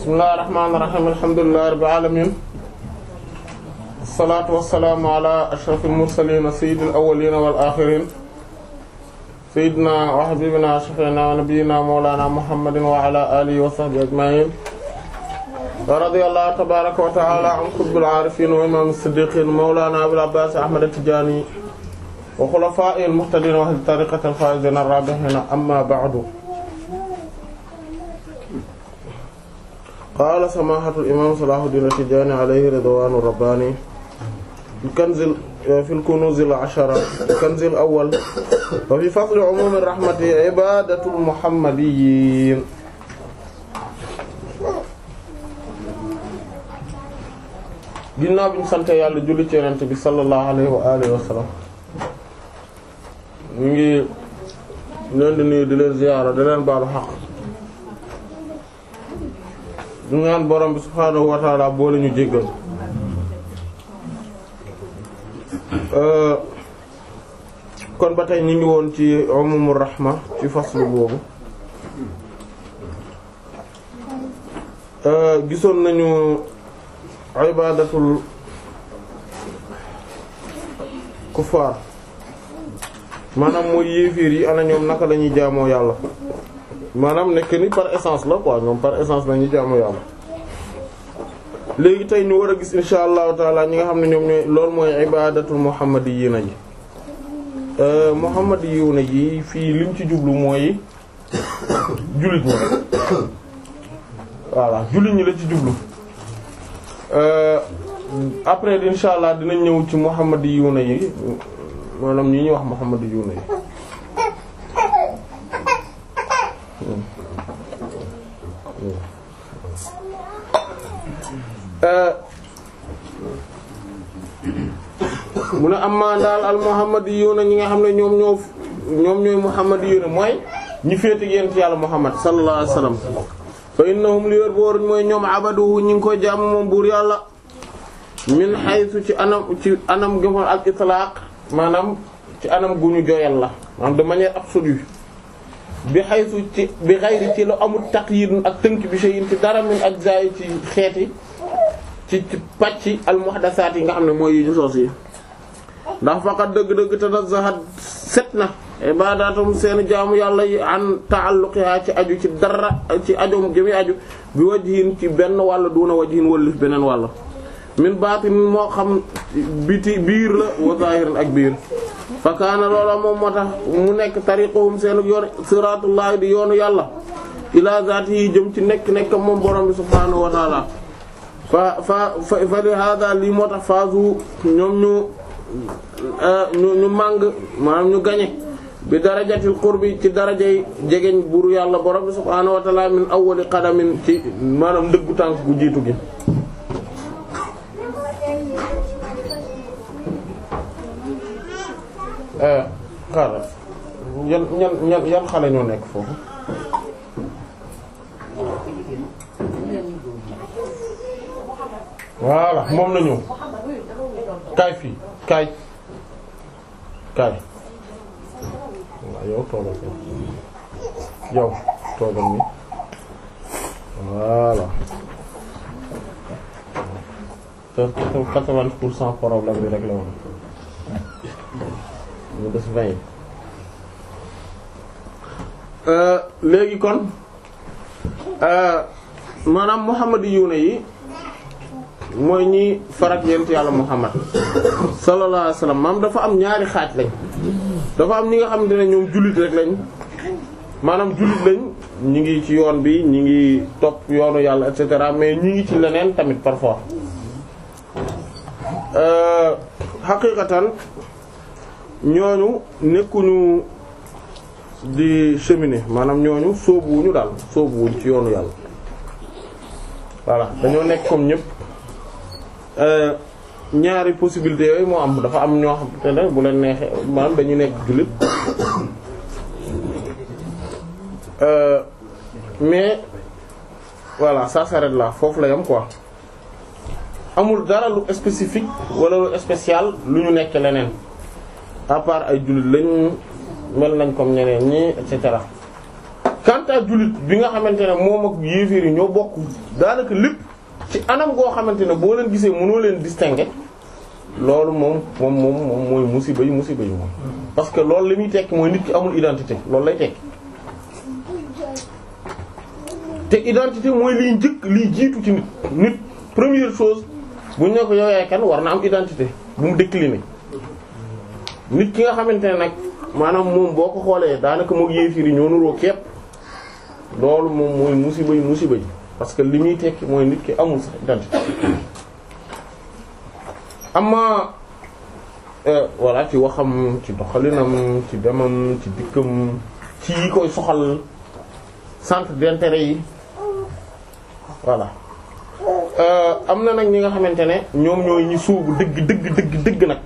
bismillahir rahmanir rahim alhamdulillahi rabbil alamin wassalatu wassalamu ala ashrafil mursalin sayyidil awwalin wal akhirin sayyidina wa habibina wa shafi'ina wa nabiyyina mawlana muhammadin wa ala alihi wa sahbihi ajma'in wa radiyallahu tabaraka wa ta'ala an qutbil arifin wa imam as-siddiqin mawlana abul abbas ahmad at-tijani wa khulafa'il muhtadin wa ahli tariqatil faizin ar-rabihin amma ba'du qaala samahatul imam salahuddin tijaani alayhi ridwanu rabbani kanzil fil kunuzil ashara kanzil awwal wa fi fasli umumi rahmati ibadatul muhammadiyin ginnaaw bi ñu sante yàlla julli ci yonent bi sallallahu alayhi wa alihi wa sallam ñu ngi leen di nuyu di leen ziyaara di leen baalu xaq ñu ngaan borom bi subhaanahu wa boo la ñu jéggal euh, kon ba tey ñu ngi woon ci umumur rahma ci faslu boobu euh, gisoon nañu ibadatul kuffar maanaam mooy yéefiir yi ana ñoom naka lañuy jaamoo yàlla maanaam nekk ni par essence la quoi ñoom par essence la ñu jaamu yàlla léegi tey ñu war a gis insha allahu taala ñi nga xam ne ñoom ñooy loolu mooy ibadatul muhammadiyina yi euh, muhammadiyuna yi fii lim ci jublu mooy jullit ñi voilà jullit ñi la ci jublu euh, après insha allah dinañ ñëw ci muhammadiyuna yi maanaam ñi ñuy wax muhammadiyuna yi Euh, mu ne amma daal al muhammadiyuuna ñi nga xam ne ñoom ñoo ñoom ñooy muhammadiyuuna mooy ñi féete yéen ci yàlla muhammad sallallahu alayhi wasallam fa innahum li yor boor mooy ñoom abaduhu ñi ngi koy jàmm moom buur yàlla min haythu ci anam ci anam gi al itlaq maanaam ci anam gu ñu joyal la maanaam de manière absolue bi xaytu ci bi xayri ci lu amul taqyid ak tënk bi shay'in ci dara min ak jaay ci xeeti ci ci pàcc al muhdasaat yi nga xam ne mooy yi ñu sos yi ndax faqat dëgg-dëgg tanazzahat set na ibadatum seen jaamu yàlla yi an ta'alluqiha ci aju ci dara ci ajom jëmi aju bi wajhin ci benn wàll duna wajhin wëllif beneen wàll min baatin moo xam biti biir la wa ak biir fa kaana loola moom moo tax mu nekk tariquhum seen yoon siratullahi di yoonu yàlla ila zaati yi jëm ci nekk nekk moom borom bi subhaanahu wa fa fa fa li hada lii moo tax faasu ñoom ñu ñu màng maanaam ñu gañe bi darajatil qurbi ci darajay jegeñ buuru yàlla borom bi subhaanahu wa taala min awwali qadamin ci maanaam ndëggu tànk gu jiitu gi xaaral euh, yan yan yan xale ñoo nekk foofu. voilà moom la ñëw kaay fii kaay kaay waaw yow toogal fii yow toogal nii voilà. te te 80 pour cent problème bi rek la woon. mu des vingt euh, léegi kon euh, maanaam muhammadiyuuna yi mooy ñi farak yentu yàlla muhammad sallallahu alayhi wasallam maam dafa am ñaari xaaj lañ dafa am ñi nga xam ne ñoom jullit rek lañ maanaam jullit lañ ñi ngi ci yoon bi ñi ngi topp yoonu yàlla et cetera mais ñi ngi ci leneen tamit parfois euh, xaqiiqatan ñooñu nekkuñu di cheminer maanaam ñooñu sóobuwuñu daal sóobuwuñ ci yoonu yàlla voilà dañoo nekk comme ñépp euh, ñaari possibilité yooyu moo am dafa am ñoo xam ne bu leen neexee maanaam dañu nekk jullit euh, mais voilà ça s'arrête foofu la yam quoi amul dara lu spécifique wala lu spécial lu ñu nekk leneen. à part ay jullit lañ mel nañ comme ñeneen ñi et cetera quant à jullit bi nga xamante ne moom ak yéeféer yi ñoo bokk daanaka lépp ci anam goo xamante ne boo leen gisee mënoo leen distinguer loolu moom moom moom moom mooy musiba yi musiba yi moom parce que loolu li muy tekki mooy nit ki amul identité loolu lay tekki te identité mooy liy njëkk liy jiitu ci nit nit première chose bu ñu ne ko yow yaay kan war na am identité bu mu décliner nit ki nga xamante ne nag maanaam moom boo ko xoolee daanaka moo yéefir yi ñoo nuroo képp loolu moom mooy musiba yi musiba yi parce que li muy tekki mooy nit ki amul sax identité amma euh, voilà ci waxam ci doxalinam ci demam ci dikkam ci yi koy soxal centre d'intérêt yi voilà euh, am na nag ñi nga xamante ne ñoom ñooy ñi suubu dëgg dëgg dëgg dëgg nag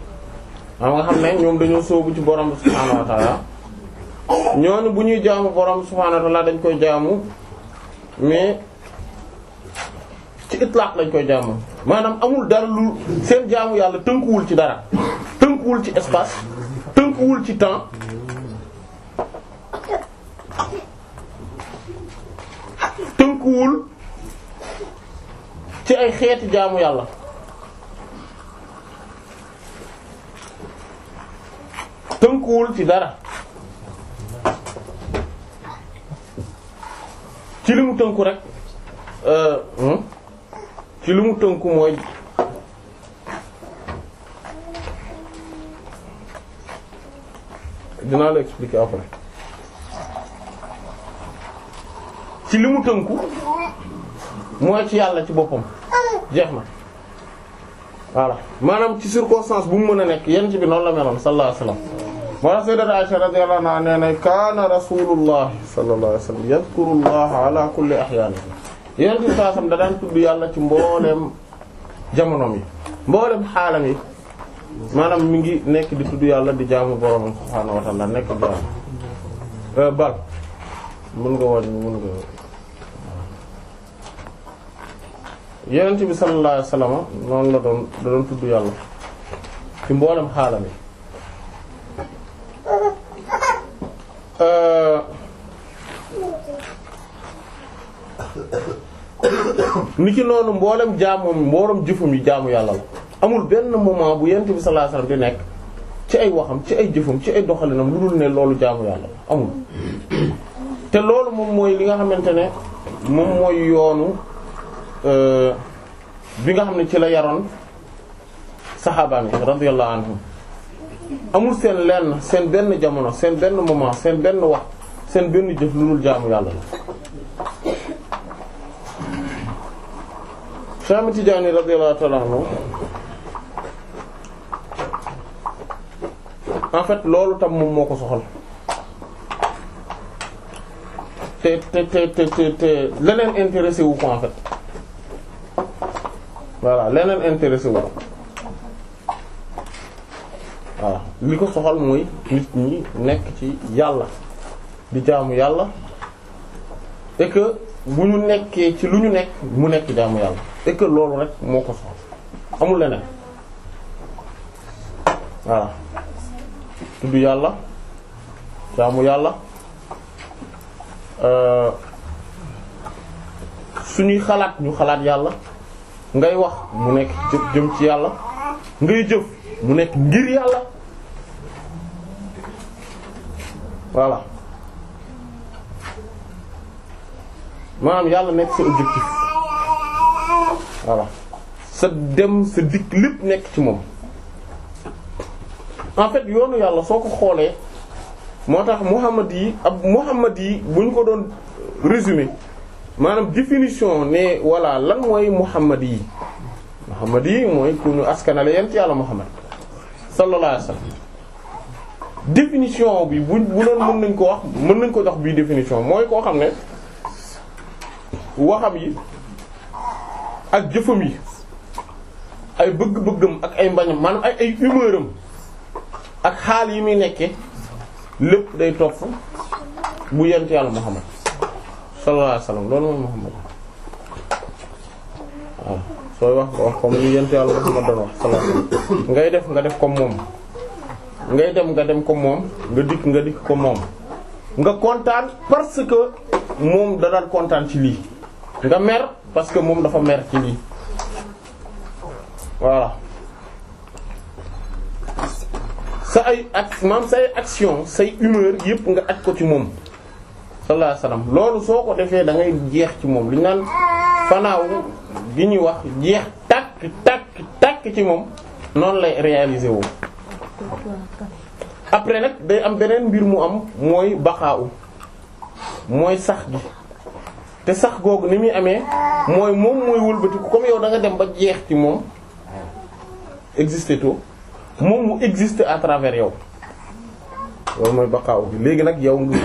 xam nga xam ne ñoom dañoo sóobu ci borom bi subhaanahu wa ta'ala ñooñu bu ñuy jaamu borom bi subhaanahu wa dañ koy jaamu mais ci itlaq lañ koy jaamu maanaam amul dara lu seen jaamu yàlla tënkuwul ci dara tënkuwul ci espace tënkuwul ci temps tënkuwul ci ay xeeti jaamu yàlla tënkuwul ci dara ci li mu tënku rek euh, hmm? ci li mu tënku mooy dinaa la expliquer après ci li mu tënku mooy ci yàlla ci boppam jeex na voilà maanaam ci circonstance bu mu mën a nekk yent bi noonu la meloon sallallahu alayhi wasallam maanaam sayyidat Aisha radiyallahu anha nee na kaana rasulullah sallallahu alayhi wa sallam yadhkurullah ala kulli da daan tudd yàlla ci mbooleem jamonoom yi mbooleem xaalam yi maanaam mu ngi nekk di tudd yàlla di jaamu boroomam subhaanahu wa ta'aala nekk jaam euh, bal mën nga wàññi mën nga yonent bi sallallahu alayhi wa sallam noonu la doon da doon tudd yàlla ci mbooleem xaalam yi Euh, ni ci noonu mboolem jaamum mboolem jëfum yi jaamu yàlla la amul benn moment bu yent bi sallallahu alayhi wasallam di nekk ci ay waxam ci ay jëfam ci ay doxalinam lu dul ne loolu jaamu yàlla la amul te loolu moom mooy li nga xamante ne moom mooy yoonu euh, bi nga xam ne ci la yaroon saxaabaam yi radiyallahu anhum amul seen lenn seen benn jamono seen benn moment seen benn wax seen benn jëf lu dul jaamu yàlla la Cheikh Tidiane radiyallahu ta'ala en fait loolu tam moom moo ko soxal te te te te te leneen intéressé wu ko en fait voilà leneen intéressé wu ko li ko soxal mooy nit ñi nekk ci yàlla di jaamu yàlla et que bu ñu nekkee ci lu ñu nekk mu nekk jaamu yàlla et loolu rek moo ko soxal amul leneen voilà tudd yàlla jaamu yàlla euh, suñuy xalaat ñu xalaat yàlla ngay wax mu nekk jëm ci yàlla ngay jëf mu nekk ngir yàlla voilà maanaam yàlla nekk sa objectif voilà sa dem sa dikk lépp nekk ci moom en fait yoonu yàlla soo ko xoolee moo tax Muhammad yi ab Muhammad yi bu ñu ko doon résumé maanaam définition ne voilà lan mooy Muhammad yi Muhammad yi mooy ku ñu askanale yent yàlla Muhammad sallallahu alayhi wasallam définition bi bu bu doon mën nañ koo wax mën nañ ko jox bii définition mooy koo xam ne waxam yi ak jëfam yi ay bëgg-bëggam ak ay mbañam man ay ay ak xaal yi muy nekke lépp day topp bu yent yàlla Muhammad sallallahu alayhi wasallam loolu mooy Muhammad waaw sooy wax nga wax comme lu yent yàlla Muhammad doon wax ngay def nga def comme moom ngay dem nga dem ko moom nga dikk nga dikk ko moom nga kontaan parce que moom da daan kontaan ci lii nga mer parce que moom dafa mer ci lii voilà sa ay ak maam say action say humeur yëpp nga aj ko ci moom sallallahu alayhi wasallam loolu soo ko defee da ngay jeex ci moom li ñu naan fanaaw gi ñuy wax jeex tàkk tàkk tàkk ci moom noonu lay réaliser wu après nag day am beneen mbir mu am mooy baxaaw mooy sax gi te sax googu ni muy amee mooy moom mooy wëlbatiku comme yow da nga dem ba jeex ci moom existé to moom mu existe à travers yow loolu mooy baxaaw bi léegi nag yow nga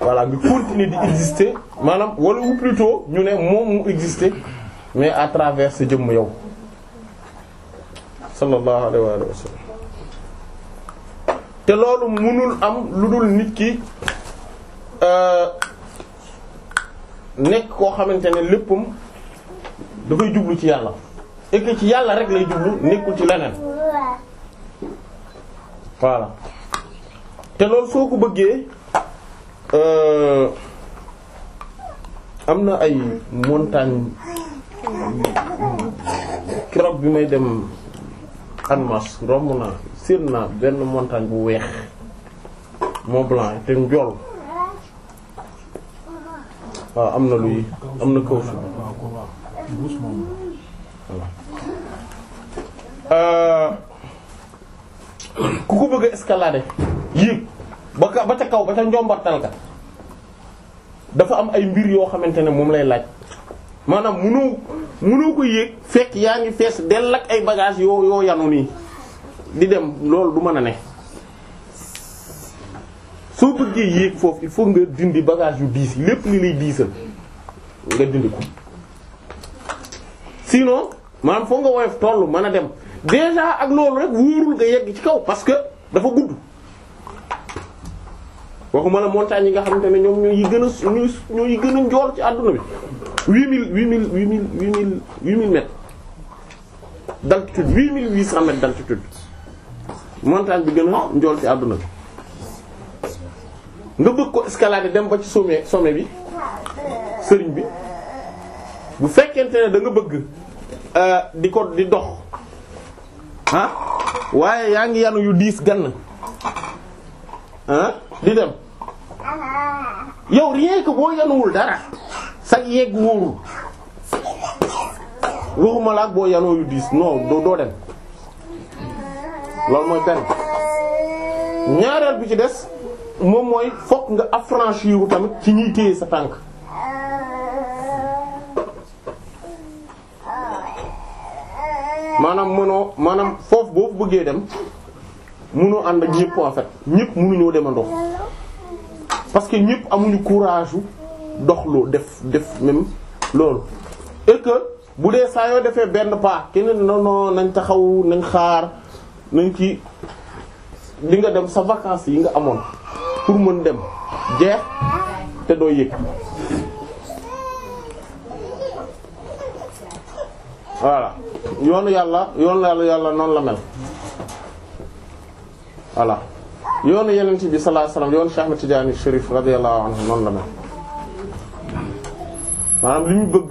voilà nga continuer di exister maanaam wala ou plutôt ñu ne moom mu exister mais à travers sa jëmm yow sallallahu alayhi wa sallam te loolu mënul am lu dul nit ki euh, nekk koo xamante ne léppam dafay jublu ci yàlla et ci yàlla rek lay jublu nekkul ci leneen waaw te loolu foo ko bëggee euh, am na ay montagne keroog bi may dem xanmas romb naa séen naa benn montagne bu weex Mont Blanc te njool waaw am na luy am na kaw si euh, ku ko bëgg a escalader ba ka ba ca kaw ba ca njombartal ka dafa am ay mbir yoo xamante ne moom lay laaj maanaam munu mënoo ko yéeg fekk yaa ngi fees dell ak ay bagages yoo yoo yanu nii di dem loolu du mën a ne soo bëggee yéeg foofu il faut nga dindi bagage yu diis yi lépp li lay diisal nga dindi ko sinon maanaam foo nga woyof toll mën a dem déjà ak loolu rek wóorul nga yegg ci kaw parce que dafa gudd waxuma la montagne yi nga xamante ne ñoom ñoo yi gën a ñoo yi gën a njool ci àdduna bi huit mille huit mille huit mille huit mille huit mille mètres d'altitude huit mille huit cent mètres d'altitude montagne bi gën a njool ci àdduna bi nga bëgg ko escalader dem ba ci sommet sommet bi sëriñ bi bu fekkente ne da nga bëgg euh, di ko di dox ah waaye yaa ngi yanu yu diis gann ah di dem yow rien que boo yanuwul dara sag yegg wóorul waxuma la ak boo yanoo yu diis non doo dem loolu mooy benn ñaareel bi ci des moom mooy fokk nga affranchir wu tamit ci ñuy téye sa tànk maanaam mënoo maanaam foofu boo bëggee dem mënoo ànd ak ñëpp en fait ñëpp mënuñoo demandoo parce que amuñu courage doxlu def def même loolu et bu dee saa yoo defee benn pas kenn na non nañ taxaw nañ xaar nañ ci di nga dem sa vacances yi nga amoon pour mën dem jeex te doo yëg voilà yoonu yàlla yàlla yàlla noonu la mel voilà yoonu yeneen bi sallallahu alayhi wasallam yoonu Cheikh Ahmed Tidiane Chérif radiyallahu anhu noonu la mel maanaam li mu bëgg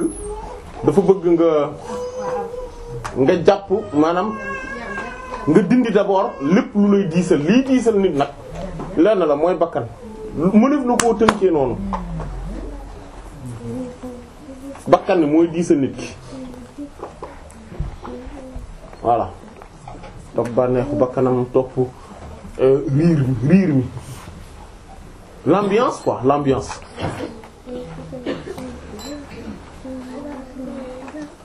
dafa bëgg nga nga jàpp maanaam nga dindi d'abord lépp lu lay diisal liy diisal nit nag lenn la mooy bakkan mënef na koo tënkee noonu bakkan ni mooy diisal nit ki voilà topp bànneexu bakkanam topp euh, riir mi riir mi l'ambiance quoi l'ambiance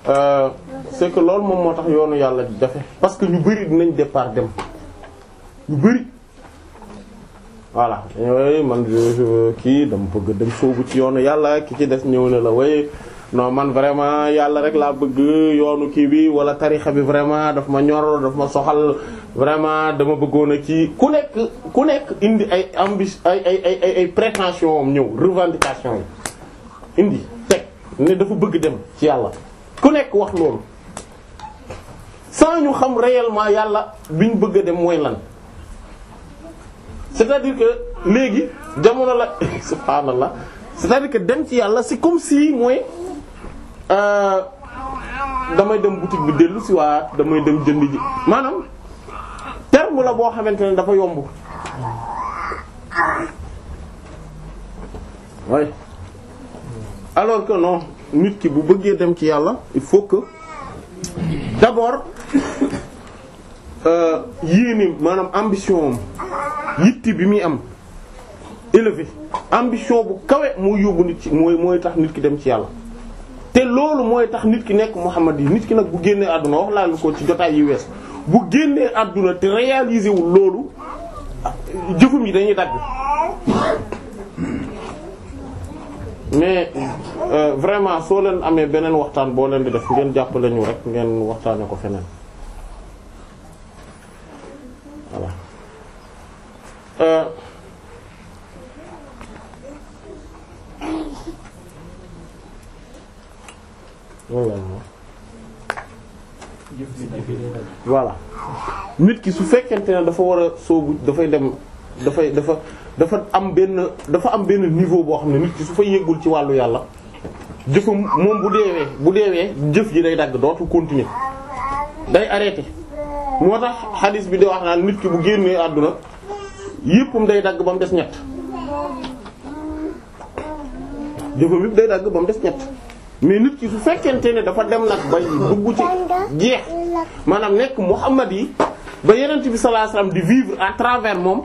Euh, c'est que loolu moom moo tax yoonu yàlla di jafe parce que ñu bari dinañ départ dem ñu bari voilà yooyu man kii dama bëgg dem sóobu ci yoonu yàlla ki ci des ñëw ne la waaye noo man vraiment yàlla rek laa bëgg yoonu kii bi wala tarixa bi vraiment daf ma ñor dafa ma soxal vraiment dama bëggoon a kii ku nekk ku nekk indi ay ambition ay ay ay ay ay prétention am ñëw revendication yi indi teg ne dafa bëgg dem ci yàlla ku nekk wax loolu sans ñu xam réellement yàlla bi ñu bëgg a dem mooy lan c'est-à-dire que léegi jamono la subhaanallah c'est-à-dire que dem ci yàlla si comme si mooy euh, damay dem boutique bi dellu si waa damay dem jënd ji maanaam terme la boo xamante ne dafa yomb. oui alors que non. nit ki bu bëggee dem ci yàlla il faut que d'abord euh, yéene maanaam ambition am yitti bi muy am élevé ambition bu kawe mooy yóbbu nit ci mooy mooy tax nit ki dem ci yàlla te loolu mooy tax nit ki nekk Muhammad yi nit ki nag bu génnee àdduna wax laa lu ko ci jotaay yi wees bu génnee àdduna te réaliser loolu jëfum yi dañuy dagg mais euh, vraiment soo leen amee beneen waxtaan boo leen di def ngeen jàppale ñu rek ngeen waxtaane ko feneen euh, voilà voilà nit ki su fekkente ne dafa war a soobu dafay dem dafay dafa dafa am benn dafa am benn niveau boo xam ne nit ki su fa yëggul ci wàllu yàlla jëfam moom bu deewee bu deewee jëf ji day dagg dootu continuer day arrêté moo tax xadis bi di wax naan nit ki bu génnee àdduna yëppam day dagg ba mu des ñett jëfam day dagg ba des ñett mais nit ci su fekkente ne dafa dem nag bay dugg ci jeex maanaam nekk Muhammad yi ba yenent bi sallallahu alayhi wasallam di vivre à travers moom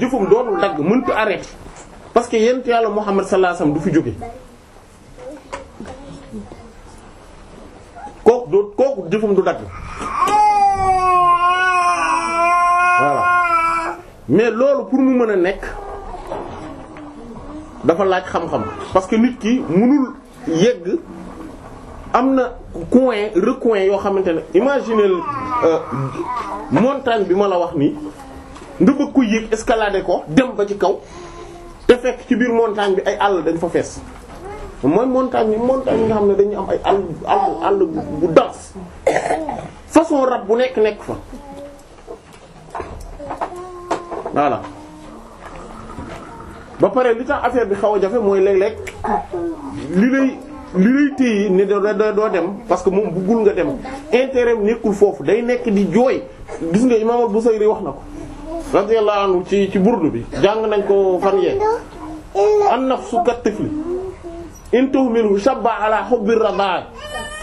jëfum doonul dagg mënut a arrêté parce que yent yàlla Muhammad sallallahu alayhi wasallam du fi jóge kooku doo kooku jëfum du dagg voilà mais loolu pour mu mën a nekk dafa laaj xam-xam parce que nit ki mënul yëgg am na coin recoin yoo xamante ne imaginer euh, montagne bi ma la wax nii nga bëgg ko yéeg escalader ko dem ba ci kaw te fekk ci biir montagne bi ay àll dañ fa fees mooy montagne bi montagne yi nga xam ne dañu am ay àll àll àll bu dense façon rab bu nekk nekk fa voilà ba pare li tax affaire bi xaw a jafe mooy léeg-léeg li lay li lay téye ne doo doo dem parce que moom buggul nga dem intérêt nekkul foofu day nekk di jooy gis nga Imam Al-Busairi wax na ko radiyallahu anhu ci ci burdu bi jàng nañ ko fan yee an nafsu katifli in tuhmilhu shabba ala hubbi radaa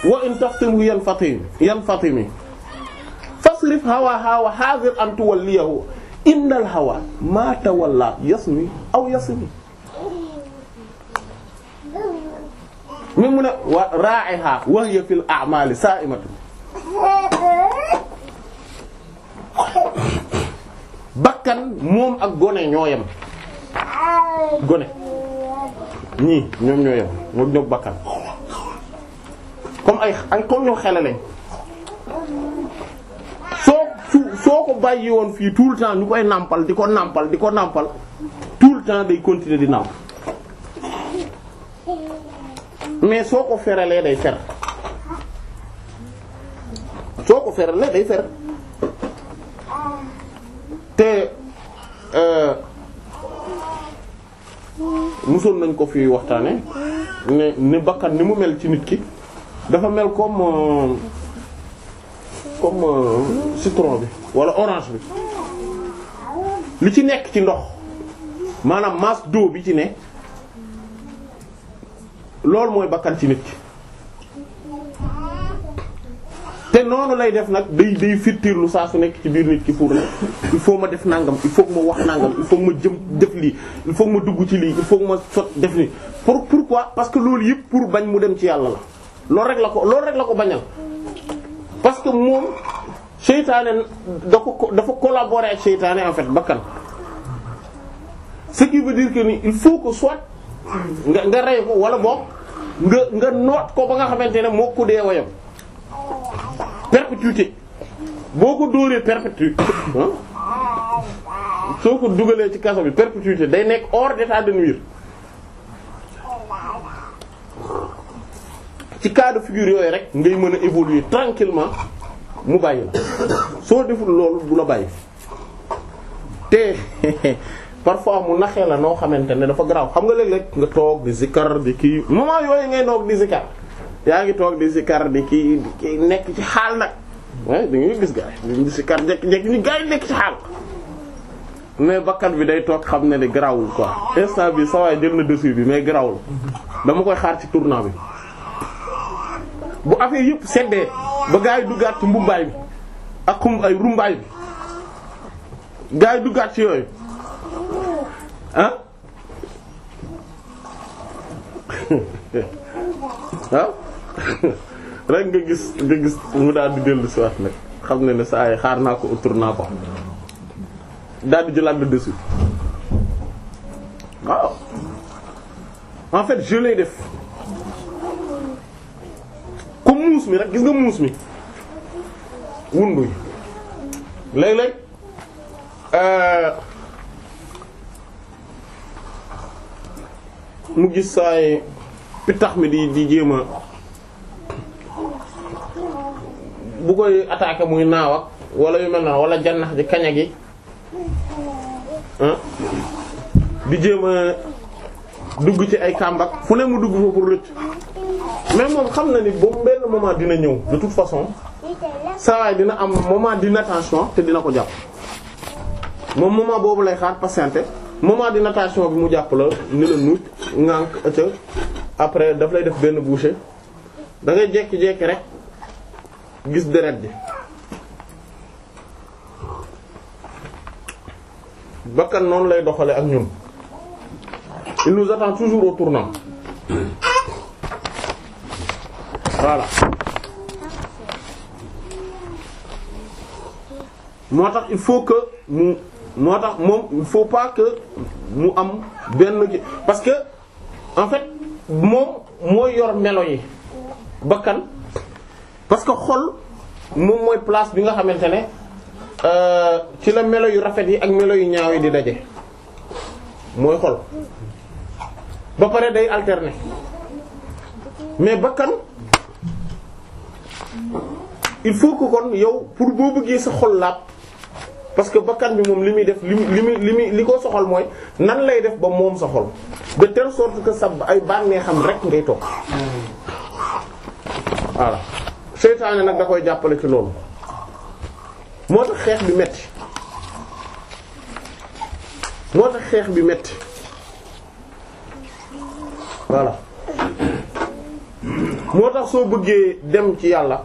wa in taftimhu yan fatimi yan fatimi fasrif hawaha wa hadir an tuwalliyahu innal hawa ma tawalla yasmi aw yasmi mi mu ne wa ra'iha wa hiya fil a'mali sa'imatu bakkan moom ak gone ñoo yem gone ñii ñoom ñoo yem ñoom ñoo bakkan comme ay ay comme ñoo xele lañ soo soo ko bàyyi woon fii tout le temps ñu koy nàmpal di ko nàmpal di ko nàmpal tout le temps day continuer di nàmp mais soo ko feralee day fer soo ko feralee day fer te euh, musoon nañ ko fi waxtaane ne ne bakkan ni mu mel ci nit ki dafa mel comme euh, comme euh, citron bi wala orange bi li ci nekk ci ndox maanaam masse d'eau bi ci ne loolu mooy bakkan ci nit ki te noonu lay def nag day day firtirlu saa su nekk ci biir nit ki pour ne il faut ma def nangam il faut ma wax nangam il faut ma jëm def lii il faut ma dugg ci lii il faut ma sot def nii pour quoi parce que loolu yëpp pour bañ mu dem ci yàlla la loolu rek la ko loolu rek la ko bañal parce que moom seytaane da ko dafa collaborer ak seytaane en fait bakkan ce qui veut dire il faut que soit nga nga rey ko wala boog nga nga noot ko ba nga xamante ne moo ko dee perpétuité boo ko dóoree perpétuité soo ko dugalee ci kaso bi perpétuité day nekk hors d'état de nuire ci cas de figure yooyu rek ngay mën a évoluer tranquillement mu bàyyi la soo deful loolu du la bàyyi te parfois mu naxee la noo xamante ne dafa garaaw xam nga léeg-léeg nga toog di zikkar di kii moment yooyu ngay noog di zikkar yaa ngi toog di sikar di ki ki nekk ci xaal nag waaye da ngay gis gaay di sikar jekk-jekk ni gaay nekk ci xaal mais bakkat bi day toog xam ne ne garaawul quoi instant bi sawaay jël na dessus bi mais garaawul dama koy xaar ci tournant bi bu affaire yëpp seddee ba gars yi duggaat ci mbumbaay bi ak rumbaay bi gars yi duggaat ci yooyu ah ah rek nga gis nga gis mu daal di dellu si nag xam ne ne saa yi xaar naa ko autour naa ko daal di jëlaat le dessus waaw en fait je lay def comme muus mi rek gis nga muus mi wunduñ léeg-léeg euh, mu gis saa yi pitax mi di di jéem bu koy attaquer muy naaw ak wala yu mel na wala jannax ji kaña gi ah, di jéem a dugg ci ay kàmbak fu ne mu dugg fa pour rëcc mais moom xam na ni boobu benn moment dina ñëw de toute façon sawaay dina am moment d'inattention te dina ko jàpp moom moment boobu lay xaar patienter moment d'inattention bi mu jàpp la ni la nuuj ŋànk ëcca après daf lay def benn bouchée da ngay jekki-jekki rek gis deret ji bakkan noonu lay doxale ak ñun il nous attend toujours au tournant voilà moo tax il faut que mu moo tax moom il faut pas que mu am benn ki que en fait moom mooy yor melo yi bakkan parce que xol moom mooy place bi nga xamante ne euh, ci la melo yu rafet yi ak melo yu ñaaw yi di daje mooy xol ba pare day alterner mais bakkan il faut que kon yow pour boo bëggee sa xol laab parce que bakkan bi moom li muy def li muy li muy li ko soxal mooy nan lay def ba moom sa xol de telle sorte que sa ay bànnee xam rek ngay toog voilà. seytaane nag nga koy jàppale ci loolu moo tax xeex bi metti moo tax xeex bi metti voilà moo tax soo bëggee dem ci yàlla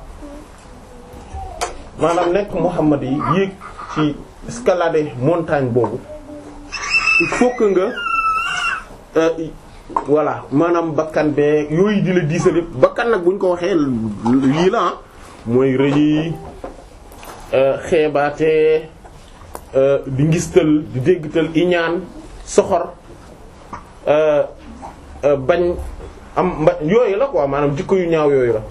maanaam nekk Muhammad yi yéeg ci escalader montagne boobu il nga euh, voilà maanaam bakkan bee yooyu di la diisal bakkan nag buñ ko waxee lii la mooy rëy euh, xeebaate euh, di ngistal di déggtal iñaan soxor euh, bañ am mba yooyu la quoi maanaam jikko yu ñaaw yooyu la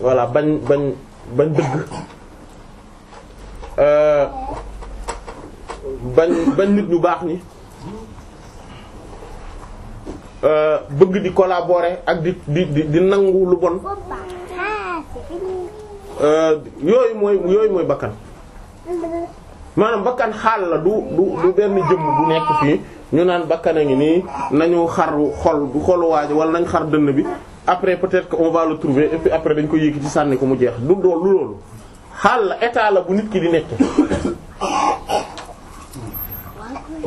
voilà bañ bañ bañ dëgg bañ bañ nit ñu baax ñi euh, bëgg di collaborer ak di di di nangu lu bon euh, yooyu mooy yooyu mooy bakkan maanaam bakkan xaal la du du du benn jëmm bu nekk fii ñu naan bakkan a ngi nii nañu xar xol bu xolu waaj wala nañ xar dënn bi après peut-être qu'on va le trouver et puis après dañ ko yéegi ci sànni ko mu jeex du dool lu loolu xaal la état la bu nit ki di nekk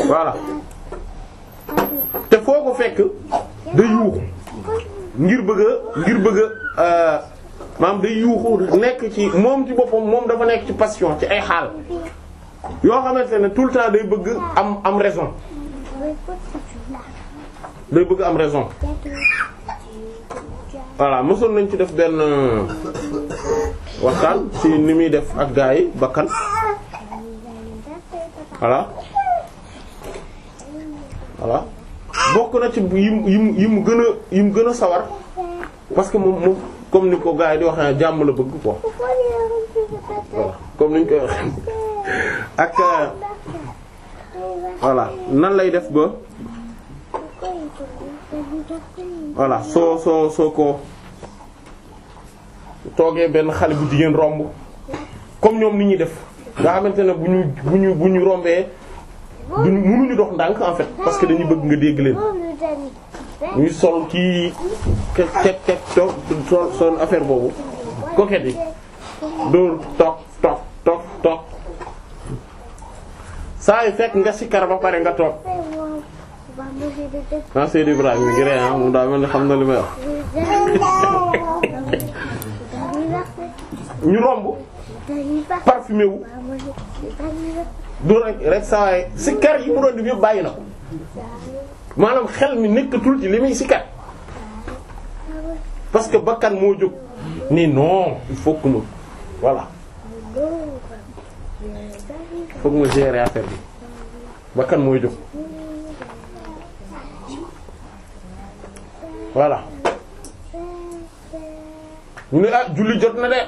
voilà te foo ko fekk da yuuxu ngir bëgg a ngir bëgg a euh, day yuuxu nekk ci moom ci boppam moom dafa nekk ci passion ci ay xaal yoo xamante ne tout le temps day bëgg am am raison day bëgg am raison voilà mosoon nañ ci def benn euh, waxtaan ci ni muy def ak gaa bakkan voilà voilà bokk na ci yim yi mu gën a yi mu gën a sawar parce que moom moom comme ni ko gars yi di wax jàmm la bëgg quoi voilà comme niñ ko ak euh, voilà nan lay def ba voilà soo soo soo ko toogee benn xale bu jigéen romb comme ñoom ni ñuy def nga xamante ne bu ñu bu ñu bu ñu rombee duñu mënuñu dox ndànk en fait parce que dañuy bëgg nga dégg leen ñuy sol kii kek kek kek toog sol affaire boobu coquette yi dóor toog toog toog saa yu fekk nga si kar ba pare nga toog ah Seydou Ibrahima mi ngi mu daal mel ni xam na li may wax ñu romb parfumé du rek rek saa sikkar yi mu doon def yëpp bàyyi na ko maanaam xel mi nekkatul ci li muy sikkar parce que bakkan moo jóg ni non il faut que ma voilà foog ma bi bakkan mooy jóg voilà mu ne ah julli jot na de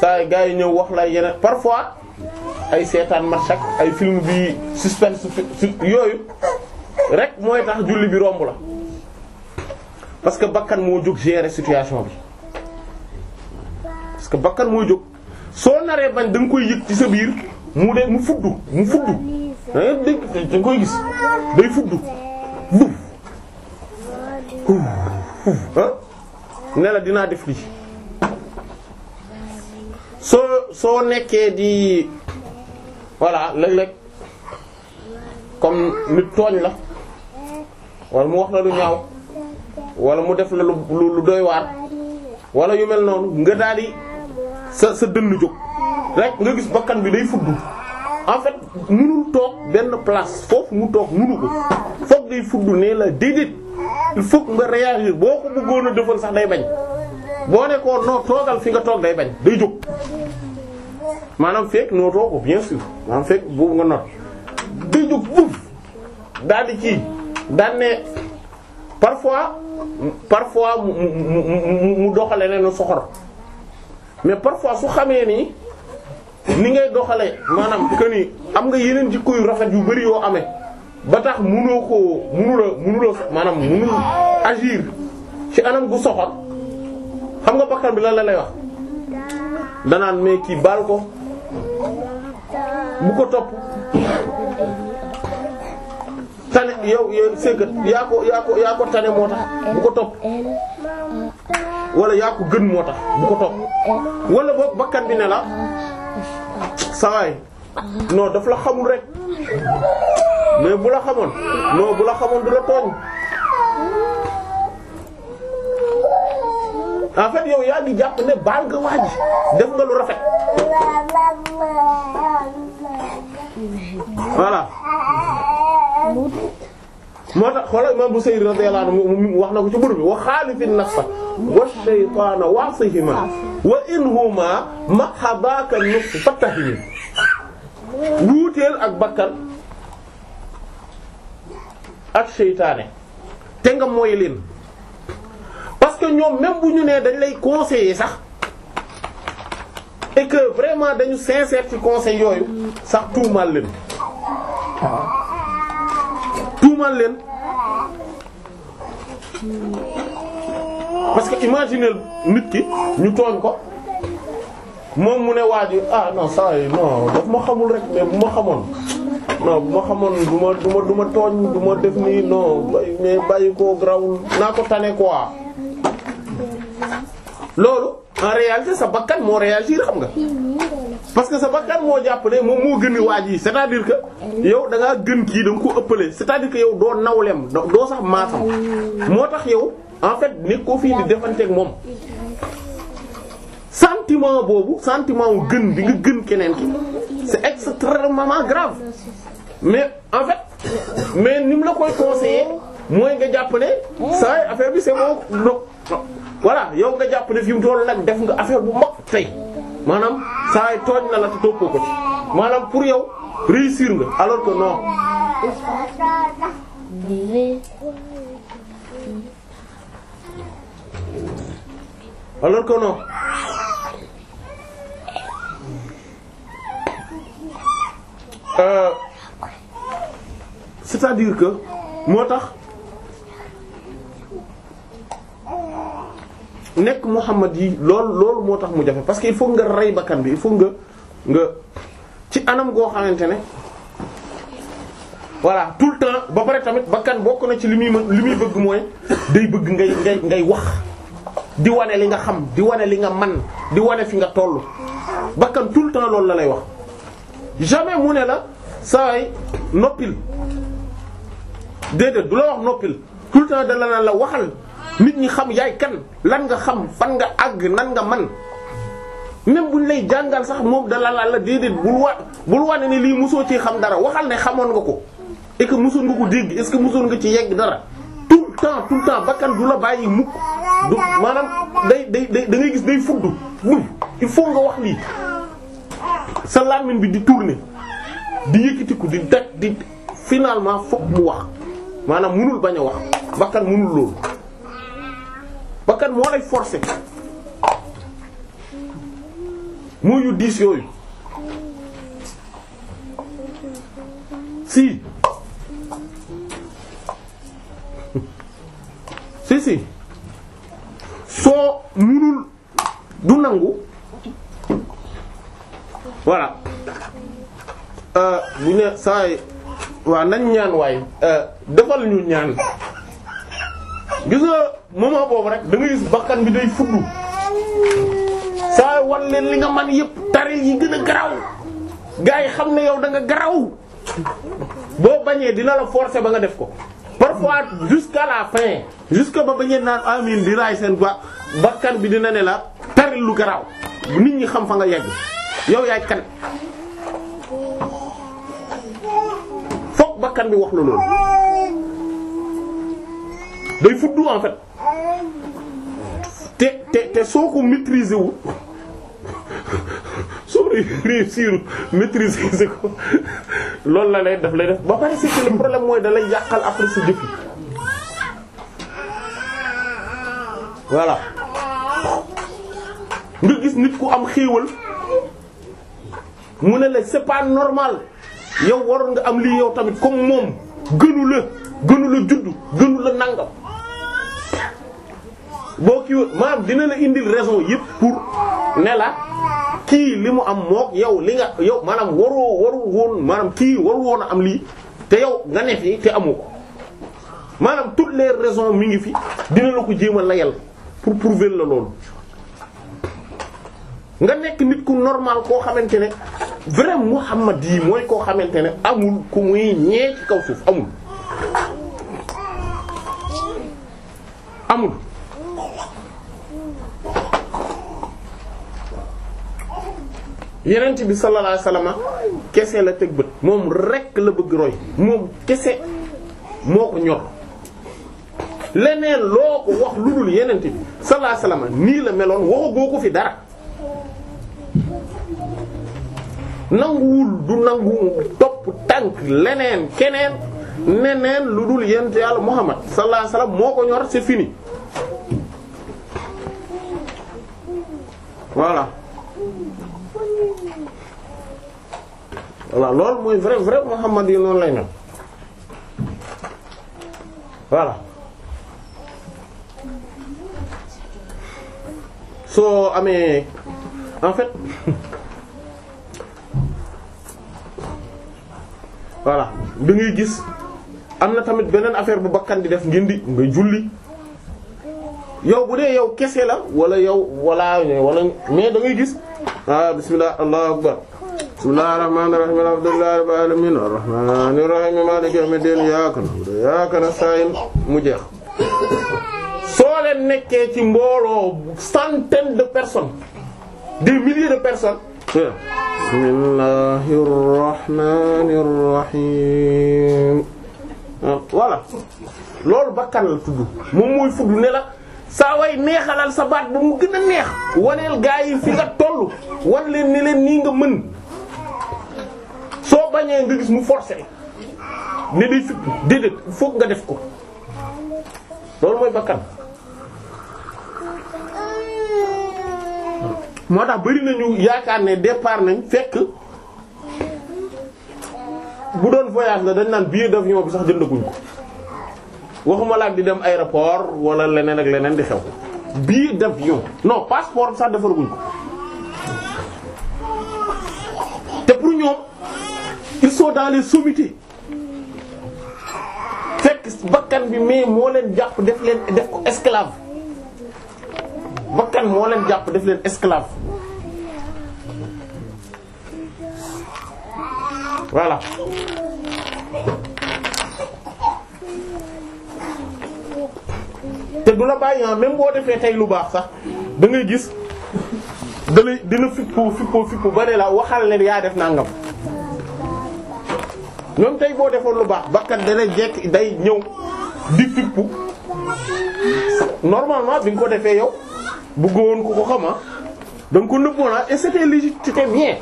saa gaa yi ñëw wax la yeneen parfois ay seetaan match ay film bi suspense yooyu rek mooy tax julli bi romb la parce que bakkan moo jóg gérer situation bi parce que bakkan moo jóg soo naree bañ da nga koy yëg ci sa biir mu de mu fuddu mu fuddu da nga dégg koy gis day fuddu du ah? dinaa def lii soo soo nekkee di voilà léeg-léeg comme nit tooñ la wala mu wax la lu ñaaw walla mu def la lu doy waan wala yu mel noonu nga daal di sa sa dënn jóg rek nga gis bakkan bi day fudd en fait mënul toog benn place foofu mu toog mënu ko foog day fudd nee la déedéet il faut nga réagir boo ko bëggoon a defal sax day bañ boo ne ko toogal fi nga toog day bañ day jóg maanaam fekk nootoo ko bien sûr maanaam fekk boobu nga noot day jóg buuf daal di kii daal ne parfois parfois mu mu mu doxale ne na soxor mais parfois su xamee nii ni ngay doxale maanaam que am nga yeneen jikko yu rafet yu bari yoo amee ba tax munoo koo munula munula maanaam munul agir ci anam gu soxor xam nga bakkan bi la la lay wax danaan mais kii baal ko bu ko topp tane yow yow c'est que yaa ko yaa ko tane moo tax bu ko topp wala yaa ko gën bakkan bi ne la sawaay non daf la xamul rek mais bu la xamoon non bu la xamoon du la tooñ en fait yow yaa ngi jàpp ne baal nga waaj def nga lu rafet voilà moo tax xoolal imaam Busayri radiyallahu anhu wax na ko ci bur bi wa xaalifin nafsa wa shaytaana waasihima wa inhuma mahadaaka nus fattahi wuuteel ak bakkan ak seytaane te nga mooy leen parce que ñoom même bu ñu nee dañ lay yi sax et que vraiment dañu sincère ci conseil yooyu sax tuumaal leen waaw ah. leen parce que imaginer nit ki ñu tooñ ko moom mu ne waa ji ah non saa yi daf ma xamul rek bu ma xamoon non bu ma xamoon du ma du ma tooñ du def nii non mais bàyyi ko grawul naa ko tane quoi loolu en réalité sa bakkan moo réagir xam nga parce que sa bakkan moo jàpp ne moom moo gën a waaj yi c'est-à-dire que yow dangaa gën kii da nga ko ëppale c'est-à-dire que yow doo nawleem doo sax maasam moo tax yow en fait nekk ko fii di defanteeg moom sentiment boobu sentiment wu gën bi nga gën keneen ki sa extrêmement grave mais en fait mais ni mu la koy conseiller mooy nga jàpp ne saa affaire bi c'est bon voilà yow nga jàpp ne fi mu toll nag def nga affaire bu mag tey maanaam saa yi tooñ na la te toppoo ko ci maanaam pour yow réussir nga alors que non. alors que non. Euh, c'est-à-dire que moo tax. nekk Muhammad yi loolu loolu moo tax mu jafe parce que il faut nga rey bakkan bi il faut nga nga ci anam goo xamante ne voilà tout le temps ba pare tamit bakkan bokk na ci li muy li muy bëgg mooy day bëgg ngay ngay wax di wane li nga xam di wane li nga man di wane fi nga toll bakkan tout le temps loolu la lay wax jamais mu ne la saay noppil déedéet du la wax noppil tout le temps dana la waxal nit ñi xam yaay kan lan nga xam fan nga àgg nan nga man même buñ lay jàngal sax moom da la la déedéet bul wa bul wane ne lii mosoo ci xam dara waxal ne xamoon nga ko est-ce que nga ko dégg est-ce que mosoon nga ci yegg dara tout le temps tout le temps bakkan du la bàyyi mukk du maanaam day day day da gis day fudd buñ il faut nga wax lii sa làmmiñ bi di tourner di yëkkatiku di daj di finalement fokk mu wax maanaam munul bañ a wax bakkan munul loolu bakkan moo lay forcer muy yu diis yooyu si si soo munul du nangu voilà bu euh, ne saa yi waaw nañ ñaan waay euh, defal ñu ñaan gis nga moment boobu rek da gis bakkan bi day fuddu saa wan leen li nga man yëpp taril yi gën a garaw gars yi xam na yow da nga garaw boo bañee dina la forcer ba nga def ko parfois jusqu'à la fin jusqu'à ba bañee naan amin di raay seen ba bakkan bi dina ne la taril lu garaw nit ñi xam fa nga yegg yow yaay kan fokk bakkan bi wax la loolu day fuddu en fait te te te soo ko maîtriser wu soo réussir maîtriser ko loolu la lay def lay def ba pare c'est que problème mooy da lay yàqal après sa jëf voilà nga gis nit ku am xéewal mu ne la c'est pas normal yow waroon nga am lii yow tamit comme moom gënu la gënu juddu gënu la nangam. boo kiiwul maanaam dina la indil raison yëpp pour ne la kii li mu am mook yow li nga yow maanaam waroo warul woon maanaam kii warul woon a am lii te yow nga ne fi te amu ko maanaam toutes les raisons mi ngi fi dina la ko jéem a layal pour prouver la loolu. nga nekk nit ku normal koo xamante ne vrai Muhammad yi mooy koo xamante ne amul ku muy ñee ci kaw suuf amul amul yenent bi sallallahu alayhi kese la teg bët moom rekk la bëgg roy moom kese moo ko ñor leneen loo ko wax lu dul yenent bi sallallahu nii la meloon waxagoo fi dara nanguwul du nangu topp tànk leneen keneen neneen lu dul yenent yàlla Muhammad sallallahu alayhi wasallam moo ko ñor c'est fini voilà voilà loolu mooy vrai vrai Muhammad yi noonu lay mel voilà soo amee en fait voilà da ngay gis am na tamit beneen affaire bu bakkan di def ngeen di nga julli yow bu dee yow kese la wala yow wala wala mais da gis ah bismillah allahu akbar bismillahir rahmanir rahim alhamdulillahi rabbil alamin arrahmanir rahim maliki yawmiddin iyyaka na'budu wa iyyaka nasta'in mu jeex soo nekkee ci mbooloo centaine de personnes des milliers de personnes bismillahir ah, loolu bakkan la tudd moom mooy fudd ne la saa way neexalal sa baat ba mu gën a neex waneel gaa yi fi nga toll wan leen ni leen nii nga mën soo bañee nga gis mu forcer ne day fit déedéet foog nga def ko loolu mooy bakkan moo tax bari nañu yaakaar ne départ nañ fekk bu doon voyage la dañ naan billet d'avion bi sax jëndaguñ ko waxuma laak di dem aéroport wala leneen ak leneen di xew billet d'avion non passeport sax defaraguñ ko te pour ñoom ils sont dans les sommités fekk bakkan bi mais moo leen jàpp def leen def ko esclave bakkan moo leen jàpp def leen esclave voilà te du la bàyyi ah, même boo defee tey lu baax sax dangay gis da lay dina fippu fippu fippu ba ne la waxal leen yaa def nangam même tey boo defoon lu baax bakkat da lay jekk day ñëw di fippu normalement bi nga ko defee yow bëggoon ko ko xama ah, danga ko nëbboon ah et c'était légitime c'était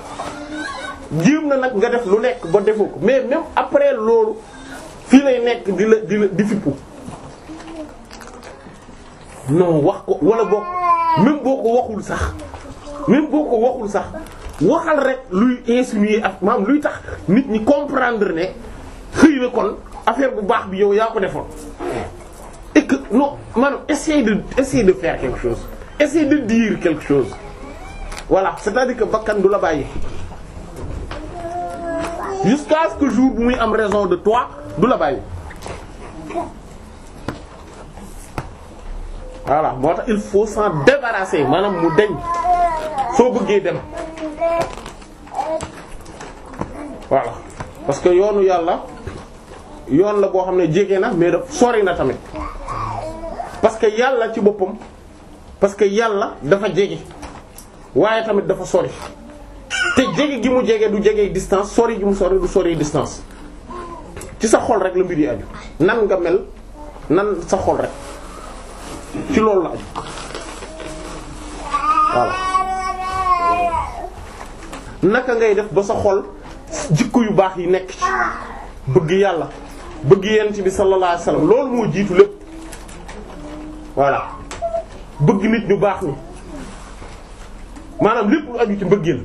na nag nga def lu nekk ba defoo ko mais même après loolu fii lay nekk di la di la non wax ko wala boo même boo ko waxul sax même boo ko waxul sax waxal rek luy insinuer ak maanaam luy tax nit ñi comprendre ne xëy na kon affaire bu baax bi yow yaa ko defoon et que non maanaam essayer de essayer de faire quelque chose essayer de dire quelque chose voilà c'est-à-dire que bakkan du la bàyyi jusqu'à ce que jour bu muy am raison de toi du la bàyyi voilà moo tax il faut s'en débarrasser maanaam mu deñ soo bëggee dem voilà parce que yoonu yàlla yoon la boo xam ne jege na mais daf sori na tamit parce que yàlla ci boppam parce que yàlla dafa jege waaye tamit dafa sori te jege gi mu jege du jege distance sori gi mu sori du sori distance ci sa xol rek la mbir yi aju nan nga mel nan sa xol rek. ci lool la aju voilà naka ngay def ba sa xol jikko yu baax yi nekk ci bëgg yàlla bëgg yent bi sallallahu alayhi lool moo jiitu lépp voilà bëgg nit ñu baax ni maanaam lépp lu aju ci mbëggeel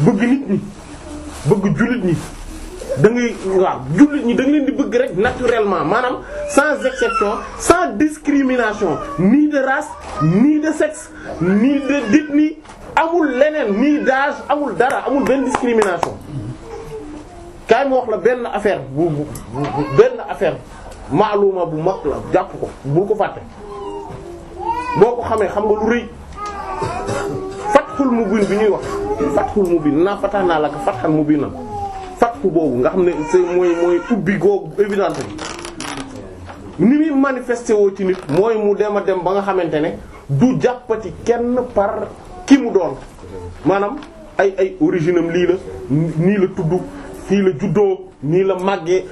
bëgg nit ñi bëgg jullit ñi da waaw jullit ñi da leen di bëgg rek naturellement maanaam sans exception sans discrimination ni de race ni de sexe ni de d'ethnie amul leneen ni d'âge amul dara amul benn discrimination kaay ma wax la benn affaire bu benn affaire maaluma bu mag la jàpp ko bul ko fàtte boo ko xamee xam nga lu rëy fathul mubin bi ñuy wax fathul mubin naa fatax naa la ko fathal mubin na fakku boobu nga xam ne c'est mooy mooy ubbi googu évidente ni muy manifesté woo ci nit mooy mu dem a dem ba nga xamante ne du jàppati kenn par ki mu doon maanaam ay ay origine lii la nii la tudd fii la juddoo nii la màggee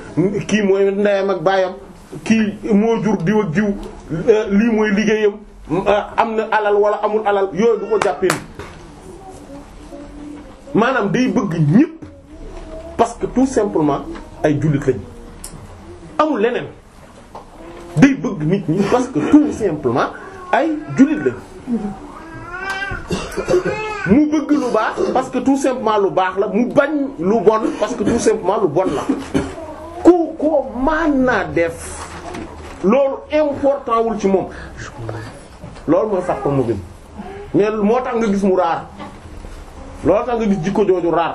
kii mooy ndeyam ak baayam kii moo jur diw ak diw euh, lii mooy liggéeyam euh, am na alal wala amul alal yooyu du ko jàppee maanaam day bëgg ñépp parce que tout simplement ay jullit lañ amul leneen day bëgg nit ñi parce que tout simplement ay jullit lañ mu bëgg lu baax parce que tout simplement lu baax la mu bañ lu bon parce que tout simplement lu bon la ku ko mën def loolu important wul ci moom loolu mooy sax ko mu gën mais moo tax nga gis mu raar loolu tax nga gis jikko jooju raar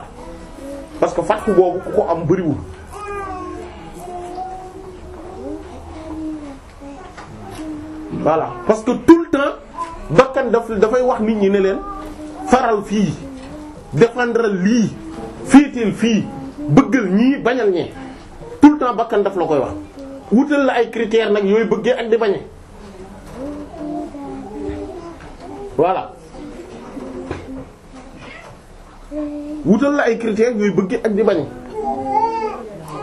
parce que fatku boobu ku ko am bëriwul voilà parce que tout le temps bakkan daf dafay wax nit ñi ne leen faral fii défendral lii féetal fii bëggal ñii bañal ñee tout le temps bakkan daf la koy wax wutal la ay critères nag yooyu bëggee ak di bañe voilà wutal la ay critères yooyu bëggee ak di bañ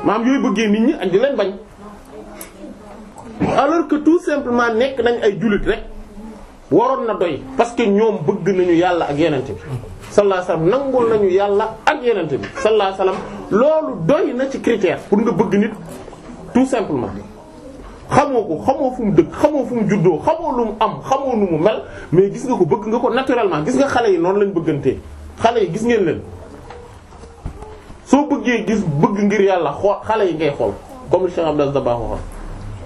maam yooyu bëggee nit ñi ak di leen bañ alors que tout simplement nekk nañ ay jullit rek waroon na doy parce que ñoom bëgg nañu yàlla ak yenente bi sallallahu alayhi wasallam nangul nañu yàlla ak yenente bi sallallahu loolu doy na ci critère pour nga bëgg nit tout simplement xamoo ko xamoo fu mu dëkk xamoo fu mu juddoo xamoo lu mu am xamoo nu mu mel mais gis nga ko bëgg nga ko naturellement gis nga xale yi noonu lañ bëggantee xale yi gis ngeen leen soo bëggee gis bëgg ngir yàlla xool xale yi ngay xool comme Cheikh Abdel Dabakh waxoon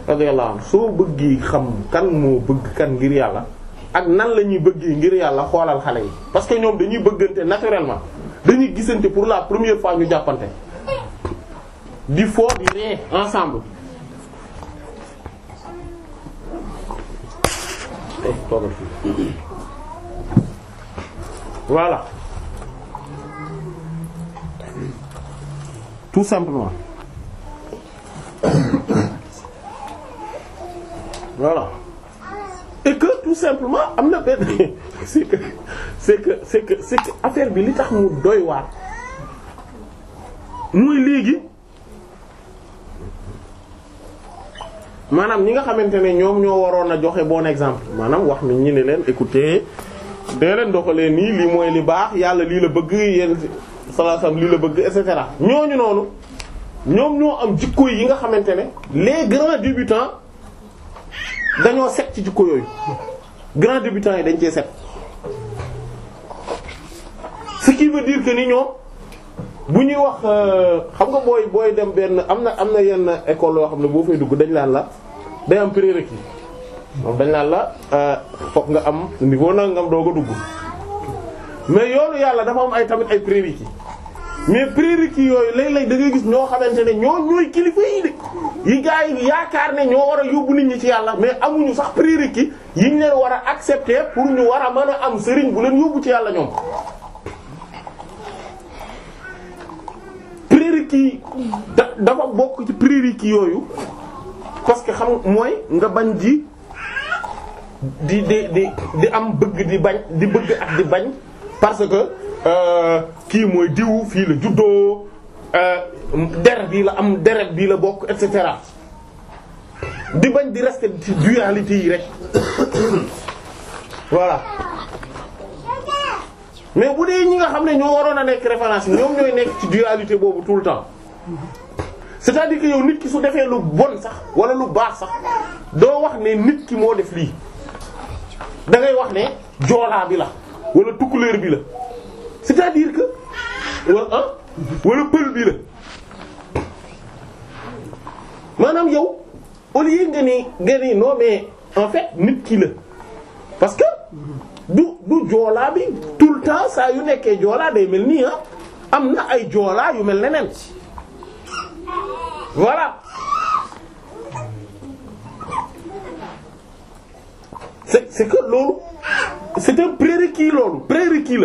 radiyallahu anhu soo bëggee xam kan moo bëgg kan ngir yàlla ak nan lañuy ñuy bëggee ngir yàlla xoolal xale yi parce que ñoom dañuy bëggante naturellement dañuy gisante pour la première fois ñu jàppante di foo di ree ensemble eh, voilà tout simplement voilà et tout simplement am na benn c'est que c'est que affaire bi li tax mu doy waar muy léegi maanaam ñi nga xamante ne ñoom ñoo waroon a joxe bon exemple maanaam wax nañ ñu ne leen écoutez dee leen doxalee nii lii mooy li baax yàlla lii la bëgg yéen sallallahu alayhi wasallam li la bëgg et cetera ñooñu noonu ñoom ñoo am jikko yi nga xamante ne les grands débutants dañoo set ci jikko yooyu grands débutants yi dañ cee set ce qui veut dire que ni ñoom bu ñuy wax euh, xam nga booy booy dem benn am na am na yenn école yoo xam ne boo fay dugg dañ laan la day am prérequis moom dañ laan la euh, foog nga am niveau nangam doog a dugg. mais yoonu yàlla dafa am ay tamit ay prérequis mais prérequis yooyu léeg-léeg da gis ñoo xamante ne ñoo ñooy kilifa yi de yi gaa yi yaakaar ne ñoo war a yóbbu nit ñi ci yàlla mais amuñu sax prérequis yiñ leen war a accepter pour ñu war a mën a am sëriñ bu leen yóbbu ci yàlla ñoom. prérequis da dafa bokk ci prérequis yooyu parce que xam mooy nga bañ ji di di di di am bëgg di bañ di bëgg ak di bañ. parce que euh, kii mooy diw fii la juddoo euh, deret bi la am deret bi la bokk et cetera di bañ di rester ci dualité yi rek voilà mais bu dee ñi nga xam ne ñoo waroon a nekk référence ñoom ñooy nekk ci dualité boobu tout le temps c'est-à-dire yow nit ki su defee lu bon sax wala lu baax sax doo wax ne nit ki moo def lii dangay wax ne joolaa bi la wala tukkuleer bi la c'est-à-dire que wala ah wala pël bi la maanaam yow au lieu nga ni nga ni mais en nit ki la parce que du du joolaa bi tout le temps saa yu nekkee joolaa day mel nii ah am na ay joolaa yu mel neneen voilà c'est c'est que loolu c'est un prérequis loolu prérequis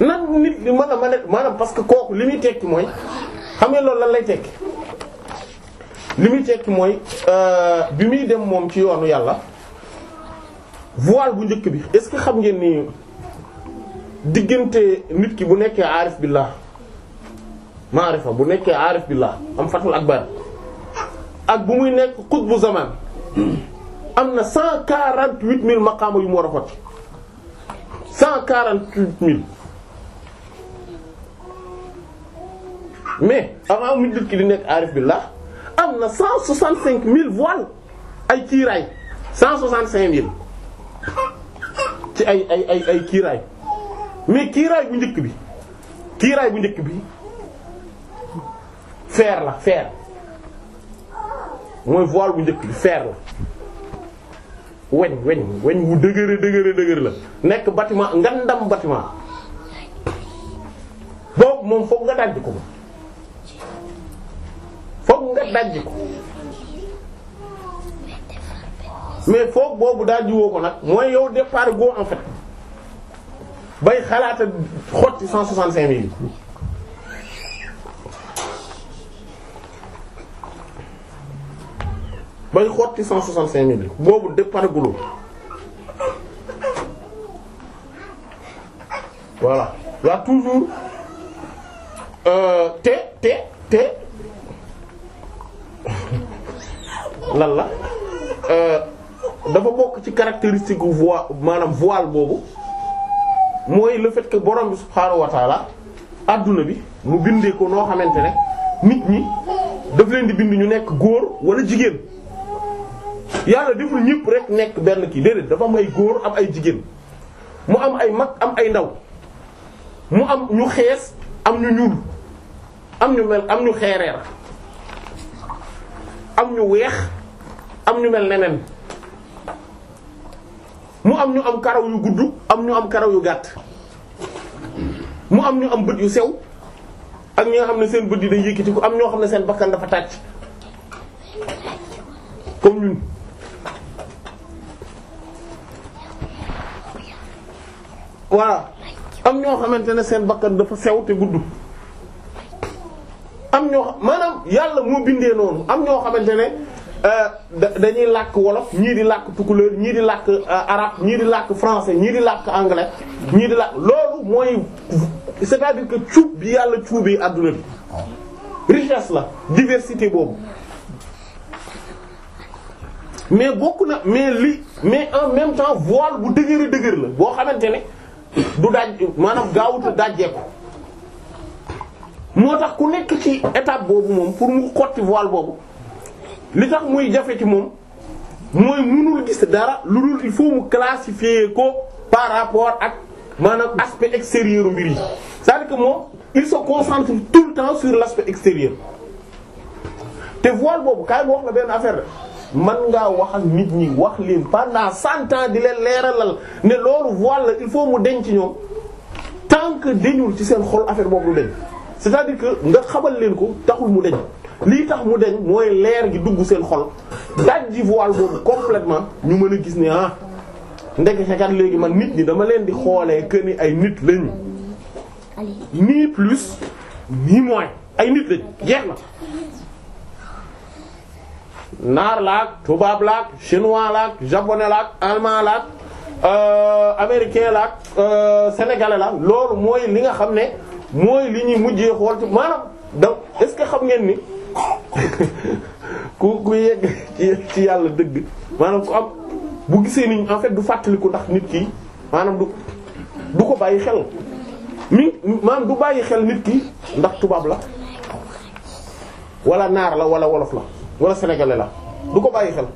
la nan nit li a mën a maanaam parce que kooku li muy tekki mooy xam nga loolu lan lay tekki li muy tekki mooy euh, bi muy dem moom ci yoonu yàlla voile bu njëkk bi est-ce que xam ngeen nii diggante nit ki bu nekkee aarif billah maarifa bu nekkee aarif billah am fatul akbar ak bu muy nekk qutbu zaman am na cent quarante huit ma maqaama yu mu war a xotti cent quarante huit mille mais avant mu nit ki di nekk aarif billah am na cent soixante cinq mille voiles ay kiiraay cent soixante cinq mille ci ay ay mais kiiraay bu njëkk bi kiiraay bu njëkk bi fer la fer mooy voile bu njëkk bi fer la weñ weñ weñ wu dëgëre dëgëre dëgër la nekk bâtiment ngandam bâtiment boobu moom foog nga dajj ko foog nga dajj ko mais foog boobu dajj woo ko nag mooy yow départ go en fait bay xalaata xotti cent soixante-cinq mille bay xotti cent soixante cinq mille boobu de pareguloo voilà y a toujours euh, te te te lan euh, dafa bokk ci caractéristique gu voile maanaam voile boobu mooy le fait que borom bi subhaanahu wa taala adduna bi mu bindee ko noo xamante ne nit ñi daf leen di bind ñu nekk góor wala jigéen. yàlla deful ñëpp rek nekk benn kii déedéet dafa am ay góor am ay jigéen mu am ay mag am ay ndaw mu am ñu xees am ñu ñuul am ñu mel am ñu xeereer am ñu weex am ñu mel neneen mu am ñu am karaw yu gudd am ñu am karaw yu gàtt mu am ñu am bët yu sew ak ñi nga xam ne seen bët yi day yëkkati ko am ñoo xam ne seen bakkan dafa tàcc comme ñun waa am ñoo xamante ne seen bakkan dafa sew te gudd am ñoo maanaam yàlla moo bindee noonu am ñoo xamante ne euh, dañuy làkk wolof ñii di làkk tukulóor ñii di làkk euh, arabe ñii di làkk français ñii di làkk anglais ñii di làkk loolu mooy c'est-à-dire que cuub bi yàlla cuubee àdduna bi richesse la diversité boobu mais bokk na mais li mais en même temps voile bu dëgër a dëgër la boo xamante ne du daaj maanaam gaawutu dajjeeku moo tax ku nekk ci étape boobu moom pour mu xotti voile boobu li tax muy jafe ci moom mooy mënul gis dara lu dul il faut mu classifier ko par rapport ak maanaam aspect extérieur mbir yi cest à que moom il se concentre tout le temps sur l'aspect extérieur te voile boobu kaay boo wax la benn affaire la man ngaa wax ak nit ñi wax leen pendant cent ans di leen leeralal ne loolu voile il faut mu denc ñoom tant que deñul ci seen xol affaire boobu du deñ c'est-à-dire que nga xamal leen ko taxul mu deñ lii tax mu deñ mooy leer gi dugg seen xol dajji voile boobu complètement ñu mën a gis ne ah ndek xekat léegi man nit ñi dama leen di xoolee kë ni ay nit lañu ni plus ni moins ay nit lañ jeex na naar laak tubaab laak chinois laak japonais laak allemand laak euh, américain laak euh, sénégalais laak loolu mooy li nga xam ne mooy li ñuy mujjee xool ci maanaam da est-ce que xam ngeen nii ku ku yegg ci yàlla dëgg maanaam ku am bu gisee ni en fait du fàttaliku ndax nit ki maanaam du du ko bàyyi xel mi maanaam du bàyyi xel nit ki ndax tubaab la wala naar la wala wolof la. wala sénégalais la du ko bàyyi xel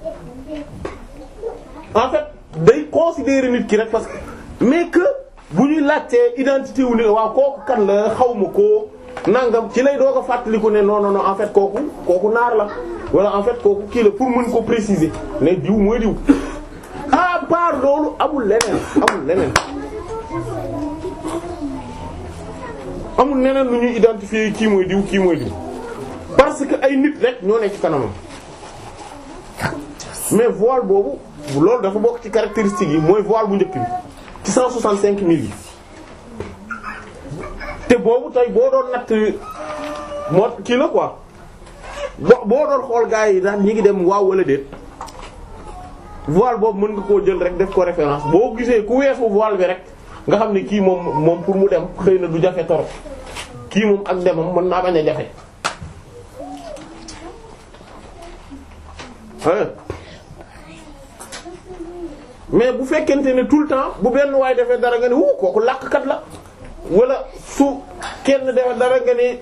en fait day considérer nit ki rek parce que mais que bu ñuy laajtee identité wu ni la waaw kooku kan la xaw ma ko nangam ci lay doo ko fàttaliku ne non non non en fait kooku kooku naar la wala en fait kooku kii la pour mën ko préciser ne diw mooy diw à part loolu amul leneen amul leneen amul neneen lu ñuy identifier kii mooy diw kii mooy diw parce que ay nit rek ñoo nekk ci kanamam mais voile boobu loolu dafa bokk ci caractéristique yi mooy voile bu njëkki bi ci cent soixante cinq mille yi te boobu tey boo doon natt moo kii la quoi boo boo doon xool gars yi nag ñi ngi dem waaw wala déet voile boobu mën nga koo jël rek def ko référence boo gisee ku weesu voile bi rek nga xam ne kii moom moom pour mu dem xëy na du jafe torop kii moom ak demam mën naa bañ a jafe. mais bu fekkente ne tout le temps bu benn waaye defee dara nga ne wu kooku làkkat la wala su kenn defee dara nga ne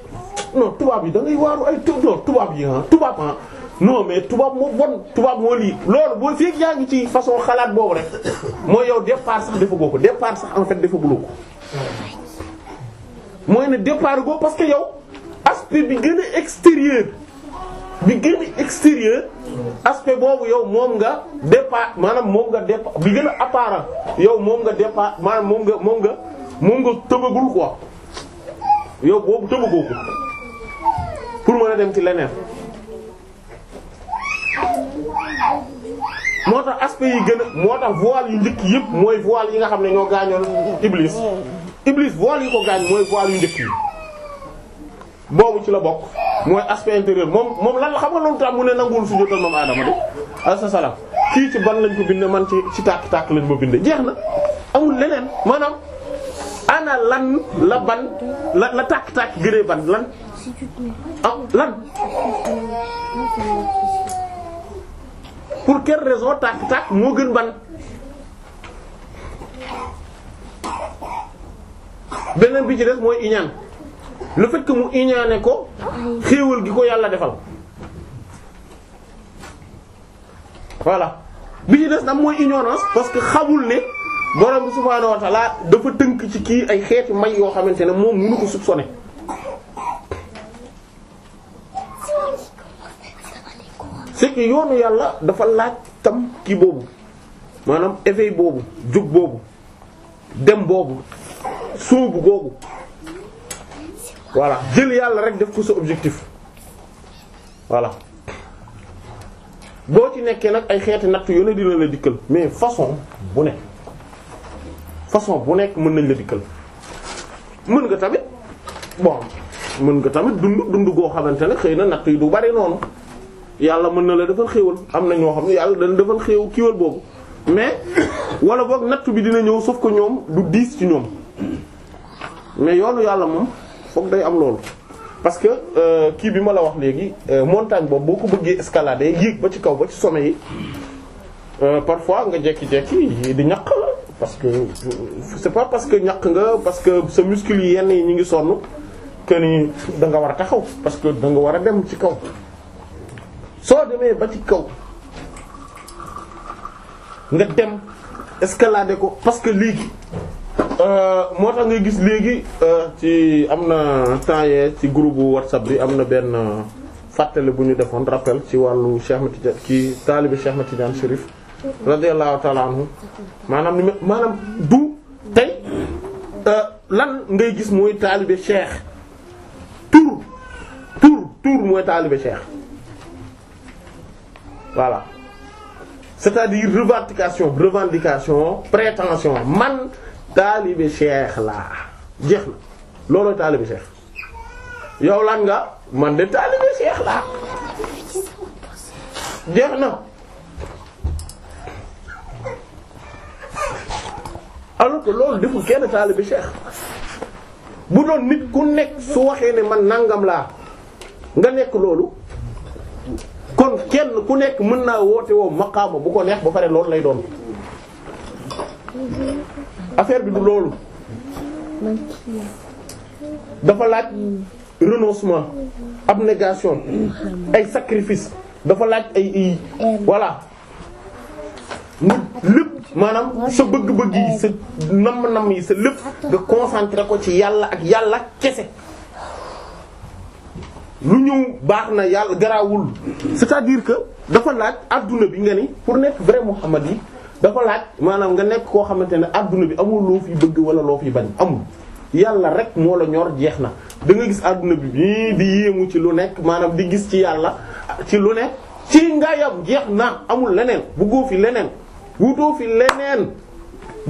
non tubaab yi da waaru ay non tubaab yi ah tubaab ah non mais tubaab moo bon tubaab moo lii. loolu boo fekk yaa ngi ci façon xalaat boobu rek mooy yow départ sax defagoo ko départ sax en fait defaguloo ko mooy ne départ goo parce que yow aspect bi gën a extérieur. bi gën a extérieur aspect boobu yow moom nga départ maanaam moom nga départ bi gën a apparent yow moom nga départ maanaam moom nga moom nga moom nga tëbagul quoi yow boobu tëbagoo ko pour mën a dem ci leneen moo tax aspect yi gën a moo tax voile yu njëkk yëpp mooy voile yi nga xam ne ñoo gaañoon iblis iblis voile yi ko gaañ mooy voile yu njëkk yi boobu ci la bokk mooy aspect intérieur moom moom lan la xam nga loolu tam mu ne nanguwul sujjóotal moom aadama de alayhi salaam kii ci ban lañ ko bindee man ci ci tàkk-tàkk lañ ma bindee jeex na amul leneen maanaam ana lan la ban la la tàkk-tàkk gënee ban lan ah lan pour quelle raison tàkk-tàkk moo gën ban beneen bi ci des mooy iñaan lu fekk mu iñaane ko xéewal gi ko yàlla defal voilà bi ci des nag mooy ignorance parce que xamul ne borom bi subhaanahu dafa tënk ci kii ay xeeti may yoo xamante ne moom mënu ko soupçonner c'est que yoonu yàlla dafa laaj tam kii boobu maanaam éveil boobu jug boobu dem boobu sóobu googu voilà jël yàlla rek def ko sa objectif voilà boo ci nekkee nag ay xeeti natt yu ne dina la dikkal mais façon bu nekk façon bu nekk mën nañ la dikkal mën nga tamit bon mën nga tamit dund dund goo xamante ne xëy na natt yi du bari noonu yàlla mën na la defal xéewal am na ñoo xam ne yàlla dana defal xéew kiiwal boobu mais wala boog natt bi dina ñëw sauf ko ñoom du diis ci ñoom mais yoonu yàlla moom foog day am loolu parce que euh, kii bi ma la wax léegi euh, montagne boobu boo ko bëggee escalader yéeg ba ci kaw ba ci sommet yi euh, parfois nga jekki-jekki di ñaq parce que c'est pas parce que ñaq nga parce que sa muscle yi yenn yi ñu ngi sonn que ni danga war a taxaw parce que da nga war a dem ci kaw soo demee ba ci kaw nga dem escalader ko parce que léegi Euh, moo tax nga gis léegi euh, ci am na temps yee ci groupe bu whatsapp bi am na benn euh, fàttale bu ñu defoon rappel ci wàllu Cheikh Ahmed Tidiane kii taalibe Cheikh Ahmed Tidiane Chérif radiyallahu ta'ala anhu maanaam ni maanaam du tey lan ngay gis mooy taalibe Cheikh tur tur tur mooy taalibe Cheikh voilà c'est-à-dire revendication revendication prétention man taalibe cheikh laa jeex na looloo taalibe cheikh yow lan nga man de taalibe cheikh laa jeex na alors que loolu deful kenn taalibe cheikh bu doon nit ku nekk su waxee ne man nangam laa nga nekk loolu kon kenn ku nekk mën naa woote woo maqaama bu ko neex ba pare loolu lay doon affaire bi du loolu dafa laaj renoncement abnégation ay sacrifice dafa laaj ay voilà mu lépp maanaam sa bëgg-bëgg yi sa namm-namm yi sa lépp nga concentré ko ci yàlla ak yàlla kese lu ñëw baax na yàlla garaawul c'est-à-dire que dafa laaj adduna bi nga ni pour nekk vrai Muhammad yi dafa laaj maanaam nga nekk koo xamante ne adduna bi amul loo fi bëgg wala loo fi bañ amul yàlla rek moo la ñor jeex na da gis àdduna bi bii di yéemu ci lu nekk maanaam di gis ci yàlla ci lu nekk ci nga yam jeex na amul leneen buggoo fi leneen wutoo fi leneen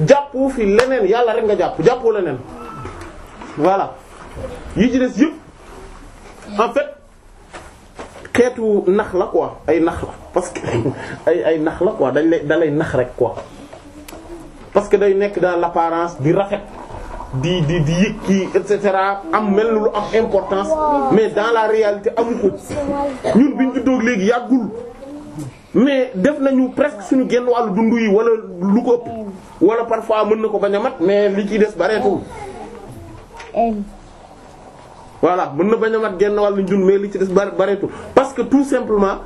jàppoo fi leneen yàlla rek nga jàpp jàppoo leneen voilà yi ci des yëpp en fait xeetu nax la quoi ay nax la parce que ay ay nax la quoi dañ lay nax rek ko parce que day nekk dans l'apparence di rafet di di di yëg kii et cetera am mel lu am importance mais dans la réalité amu ko ñun biñ juddoog léegi yàggul mais def nañu presque suñu genn wàllu dund yi wala lu ko ëpp wala parfois mën na ko bañ a mat mais li ciy des bareetul voilà mën na bañ a mat genn wàllu njun mais li ci des bareetul parce que tout simplement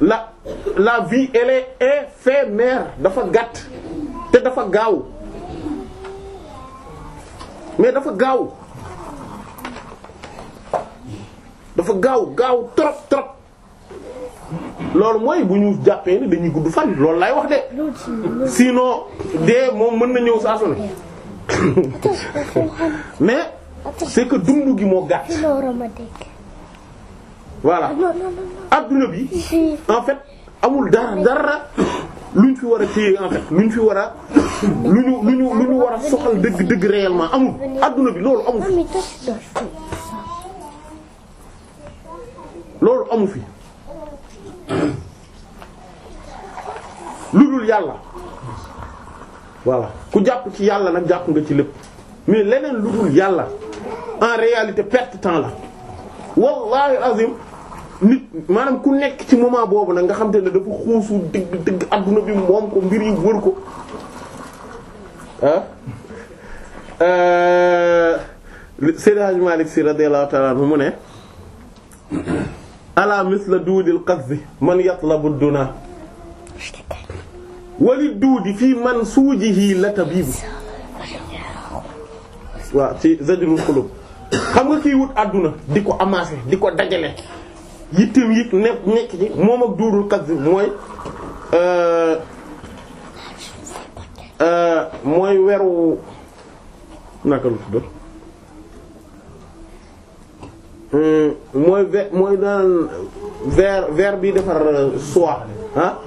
la la vie elle est éphémère dafa gàtt te dafa gaaw mais dafa gaaw dafa gaaw gaaw trop trop loolu mooy bu ñu jàppee ne dañuy gudd fan loolu laay wax de sinon de moom mën na ñëw sa su ne mais. c'est que dund gi moo gàtt. voilà adduna bi en fait amul dara dara luñ fi war a téye en fait luñ fi war a lu ñu luñu lu ñu war a soxal dëgg dëgg réellement amul adduna bi loolu amu fi loolu amu fi lu dul yàlla waaw ku jàpp ci yàlla nag jàpp nga ci lépp. mais leneen lu dul yàlla en réalité perte temps la wallahi azim nit maanaam ku nekk ci moment boobu nag nga xam te ne dafa xuusu dëgg dëgg adduna bi moom ko mbir yi wër ko ah euh, Seydi Hadji Malick Sy radiyallahu ta'ala anhu mu ne ala misla duudil qazzi man yatlabu duna wali duudi fii man suujihi la tabibu waaw ci zajrul xulub xam nga kiy wut àdduna di ko amassé di ko dajale yittim yi ne nekk ci moom ak duurul kas bi mooy euh, euh, mooy weru naka lu tudd hmm, mooy daan ver ver bi defar euh, soie ah?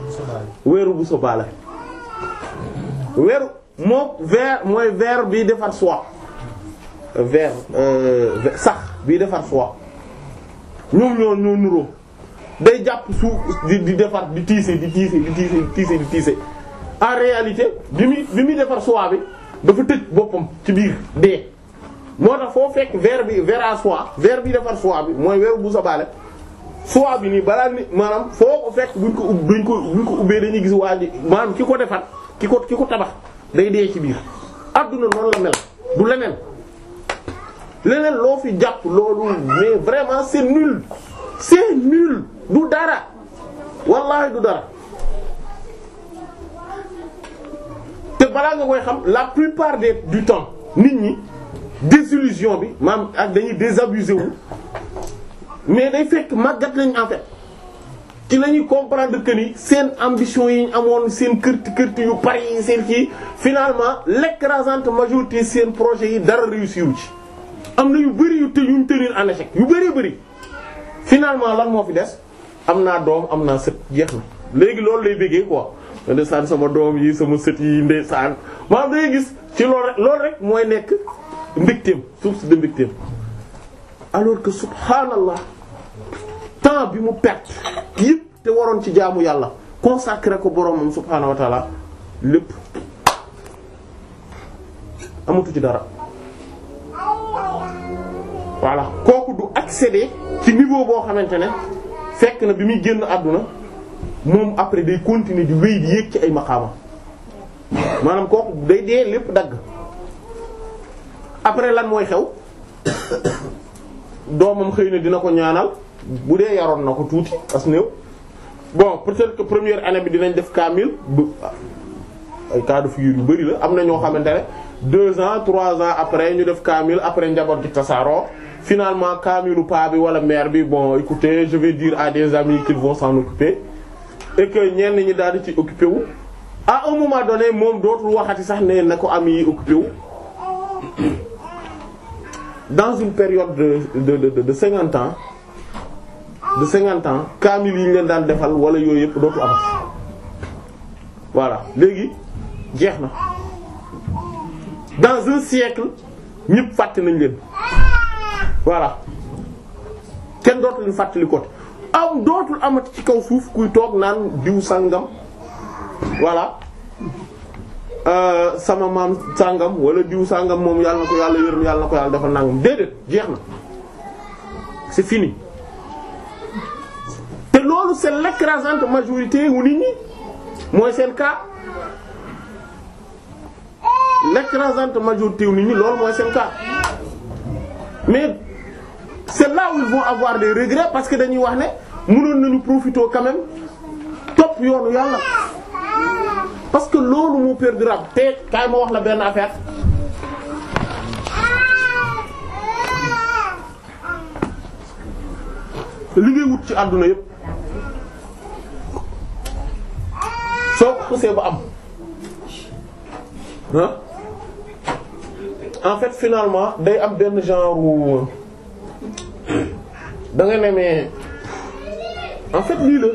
weeru bu sobaale weeru mook ver mooy ver bi defar soie Euh, vers sax bi defar soie ñoom ñoo ñoo nuroo day jàpp suuf di di defar di tiise di tiise di tiise di tiise di tiise en réalité bi muy bi muy defar soie bi dafa tëj boppam ci biir dee moo tax foo fekk verre bi verre à soie verre bi defar soie bi mooy weeru bu sa baale soie bi nii balaa ni maanaam foo ko fekk buñ ko ub dañ ko buñ ko ubbee dañuy gis waa ji maanaam ki ko defar ki ko ki ko tabax day dee ci biir adduna noonu la mel du leneen leneen loo fi jàpp loolu mais vraiment c'est nul c'est nul du dara wallaahi du dara te balaa nga koy xam la plupart des du temps nit ñi désillusion bi maam ak dañuy désabusé mais day fekk màggat lañ en fait ci la ñuy comprendre que ni seen ambition yi amoon seen kërti kërti yu bari seen kii finalement l'écrasante majorité seen projet yi dara réussir wu ci. am na yu bëri yu te yuñ tënir en yu bëree bëri finalement la moo fi des am naa doom am naa sët jeex na léegi loolu lay bëggee quoi ndeysaan sama doom yi sama sët yi ndeysaan maanaam day gis ci loolu rek mooy nekk mbégteem source de mbégteem alors que subhaanallah temps bi mu perte yëpp te waroon ci jaamu yàlla koo consacré ko boromam subhaanahu wa taala lépp amatu ci dara. voilà kooku du accéder ci niveau boo xamante ne fekk na bi muy génn àdduna moom après day continuer di wéy di yéeg ci ay maqaama maanaam kooku day dee lépp dagg après lan mooy xew doomam xëy na dina ko ñaanal bu dee yaroon na ko tuuti as néew bon peut-être première année bi dinañ def kaamil bu ay cas fi figure yu bari la am na ñoo xamante ne deux ans trois ans après ñu def kaamil après njaboot di tasaaroo finalement kaamilu paa bi wala mère bi bon écoutez je vais dire à des amis qu'ils vont s'en occuper et que ñi daal di ci occuper wu. à un moment donné moom dootul waxati sax ne na ko am yi occupé wu dans une période de de de de cinquante ans de cinquante ans kaamil yi ñu leen daan defal wala yooyu yëpp dootu am voilà léegi jeex na. dans un siècle ñëpp fàtte nañ leen voilà kenn dootul fàttali ko am dootul amat ci kaw suuf kuy toog naan diw sàngam voilà euh, sama maam sàngam wala diw sàngam moom yàlla na ko yàlla yërëm yàlla na ko yàlla dafa nangam déedéet jeex na c'est fini te loolu c'est l'écrasante majorité wu nit ñi mooy seen cas. l'écrasante majorité nit ñi loolu mooy seen cas mais c'est là où ils avoir des regrets parce que dañuy wax ne mënoon nañu profiter quand même topp yoonu yàlla parce que loolu moo perdurable te kaay ma wax la benn affaire li ngay wut ci àdduna yépp soo ko ba am en fait finalement day am benn genre wu da nga mais en fait lii la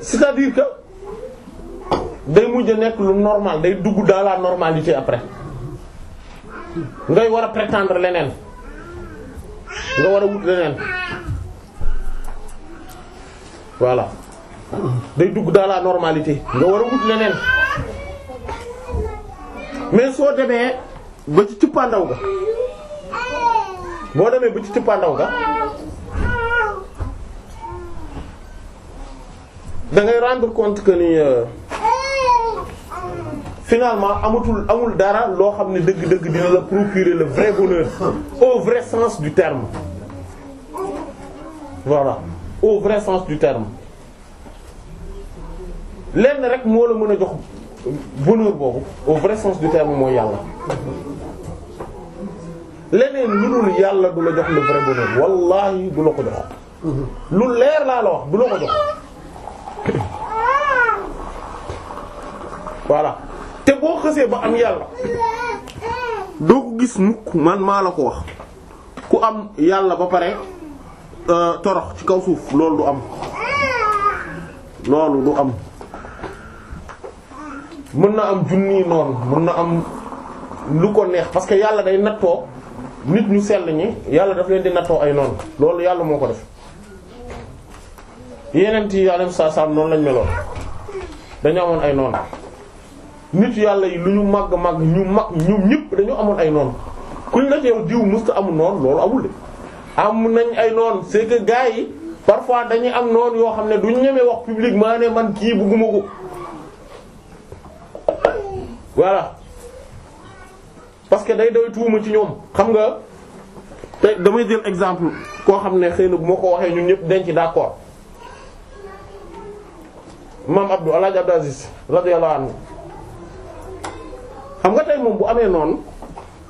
c'est-à-dire que day mujj a nekk lu normal day dugg dans la normalité après ngay war a prétendre leneen nga war a wut leneen voilà day dugg dans la normalité nga war a wut leneen. mais soo demee ba ci cëppaandaw ga boo demee ba ci cëppaandaw ga da ngay rendre compte que ni euh, finalement amatul amul dara loo xam ne dëgg-dëgg dina la procurer le vrai bonheur au vrai sens du terme voilà au vrai sens du terme lenn rek moo la mën a jox bonheur boobu au vrai sens du terme mooy yàlla leneen lu dul yàlla du la jox le vrai bonheur wallahi du la ko jox lu leer laa la wax du la ko jox voilà te boo xësee ba am yàlla doo ko gis mukk man maa la ko wax ku am yàlla ba pare euh, torox ci kaw suuf loolu du am loolu du am mën na am junni noon mën na am lu ko neex parce que yàlla day nattoo nit ñu sell ñi yàlla daf leen di nattoo ay noon loolu yàlla moo ko def yeneen yi yàlla saa saa noonu lañ meloon dañu ay noonu nit yàlla yi lu ñu màgg màgg ñu mag ñoom ñëpp dañu amoon ay noonu kuñ la ci yow diw musta amul noonu loolu amul de am nañ ay noon c'est que gars yi parfois dañuy am noonu yoo xam ne duñ ñeme wax publiquement ne man kii bugguma ko. voilà parce que day doy tuuma ci ñoom xam nga te damay jël exemple koo xam ne xëy na bu ma ko waxee ñun ñëpp denc d'accord maam Abdou El Hadj Abdou Aziz radiyallahu anhu xam nga tey moom bu amee noonu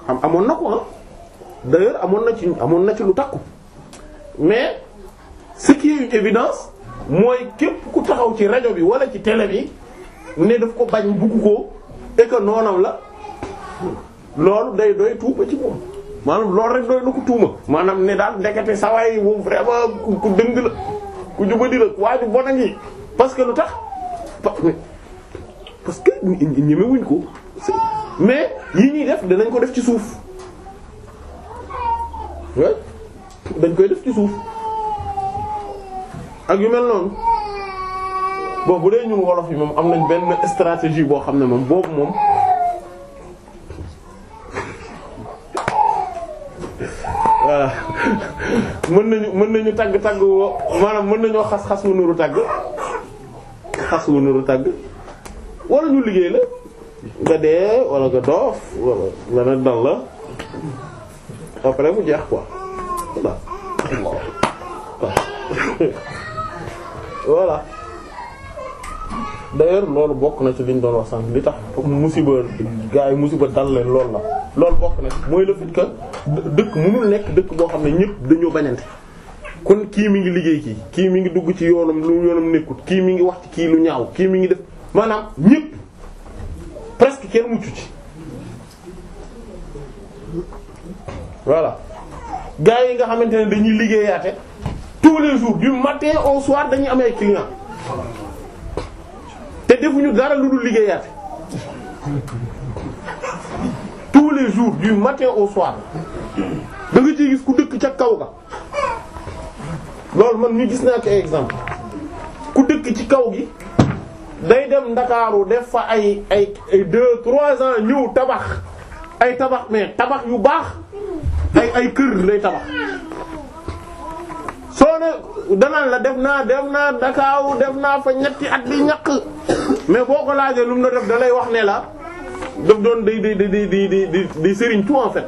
am amoon na ko ah d'ailleurs amoon na ci amoon na ci lu takku mais ce qui évidence mooy képp ku taxaw ci rajo bi wala ci télé bi ne daf ko bañ bugg ko et que noonam la loolu day doy tuuma ci moom maanaam loolu rek doy lu ko tuuma maanaam ne daal ndekete saway moom vraiment ku dëng la ku jubadi la waa ju bon a ngi parce que lu tax parce que ñemewuñ ko mais yi ñuy def danañ ko def ci suuf dañ koy def ci suuf ak yu mel noonu bon bu dee ñun wolof yi moom am nañ benn stratégie boo xam ne moom boobu moom voilà mën nañu mën nañu tagg tagg woo maanaam mën nañoo xas xas wu nuru tagg xas wu nuru tagg wala ñu liggéey la nga dee wala nga doof wala nga ne dal la après mu jeex quoi voilà. voilà. d'ailleurs loolu bokk na ci liñ doon wax sànq li tax musiba gaa yi musiba dal leen loolu la loolu bokk na mooy le fait que dëkk mënul nekk dëkk boo xam ne ñëpp dañoo bañante kon kii mi ngi liggéey kii kii mi ngi dugg ci yoonam lu yoonam nekkut kii mi ngi wax ci kii lu ñaaw kii mi ngi def maanaam ñëpp presque kenn muccu ci voilà gaa yi nga xamante ne dañuy liggéeyaate tous les jours du matin au soir dañuy am ay clients te defuñu dara lu dul liggéeyaat tous les jours du matin au soir da nga ciy gis ku dëkk ca kaw ga loolu man ñu gis naa ko exemple ku dëkk ci kaw gi day dem ndakaaru def fa ay ay deux trois ans ñëw tabax ay tabax mais tabax yu baax ay ay kër lay tabax doone danaan la def naa def naa dakaaw def naa fa ñetti at bi ñaq mais boo ko laajee lu mu la def dalay wax ne la daf doon di di di di di di sëriñ tout en fait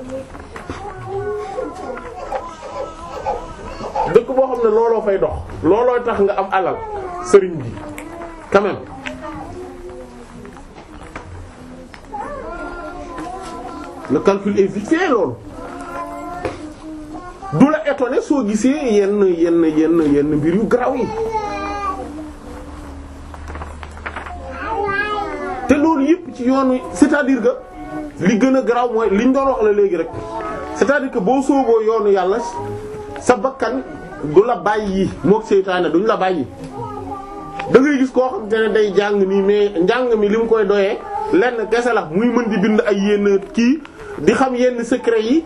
dëkk boo xam ne looloo fay dox looloo tax nga am alal sëriñ bi quand même calcul est loolu du la étonné soo gisee yenn yenn yenn yenn mbir yu garaaw yi te loolu yëpp ci yoon wi c'est-à-dire li gën a garaaw mooy liñ doon wax la léegi rek cest à boo sooboo yoonu yàlla sa bakkan du la bàyyi mook seytaane duñ la bàyyi dangay gis koo xam te ne day jàng nii mais njàng mi li mu koy doyee lenn kese la muy mën di bind ay yenn kii. di xam yenn secret yi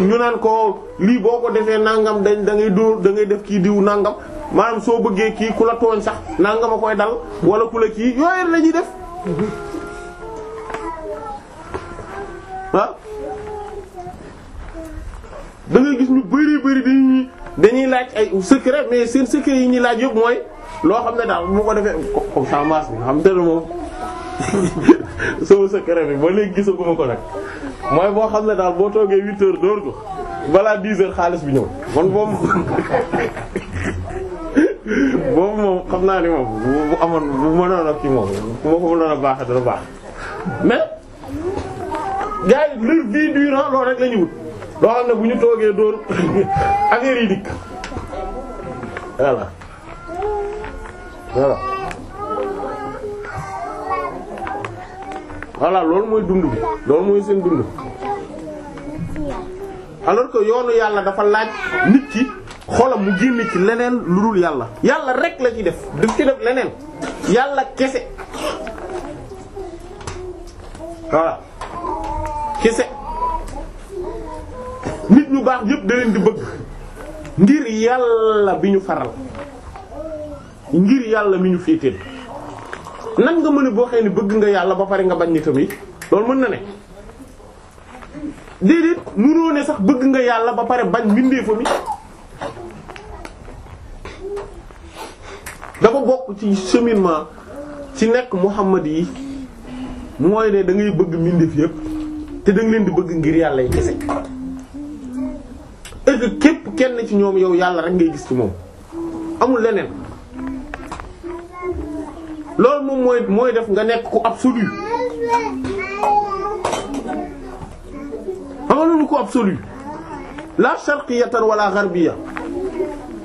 ñu naan ko lii boo ko defee nangam dañ da ngay dóor da ngay def kii diw nangam maanaam soo bëggee kii ku la tooñ sax nangam a koy dal wala ku la kii yooyu la ñuy def ah da ngay gis ñu bari bari dañuy laaj ay secret mais seen secret yi ñuy laaj yëpp mooy loo xam ne daal bu ko defee comme ça maas bi xam te ne moom sama secret bi ba léegi gisaguma ko nag. mooy boo xam ne daal boo toogee huit heures dóor ko balaa dix xaalis bi ñëw man boobu boobu moom xam naa ni moom bu amoon bu mënoon a kii moom bu ma ko mënoon a baax dana baax mais gars yi leur vie durant loolu rek la wut loo xam ne bu ñu toogee dóor affaire yi dikk voilà voilà. voilà loolu mooy dund bi loolu mooy seen dund alors que yoonu yàlla dafa laaj nit ki xolam mu génn ci leneen lu dul yàlla yàlla rekk la ci def daf ci def leneen yàlla kese voilà kese nit ñu baax yépp da leen di bëgg ngir yàlla bi ñu faral ngir yàlla mi ñu féeteel nan nga mën a boo xëy ne bëgg nga yàlla ba pare nga bañ nitam yi loolu mën na ne déedéet munoo ne sax bëgg nga yàlla ba pare bañ mbindeefam yi dafa bokk ci cheminement ci nekk Muhammad yi mooy ne da ngay bëgg mbindeef yépp te da leen di bëgg ngir yàlla yi kese et képp kenn ci ñoom yow yàlla rek ngay gis ci moom amul leneen. loolu moom mooy mooy def nga nekk ku absolu amalul ku absolu la sharqiyatan wala gharbiya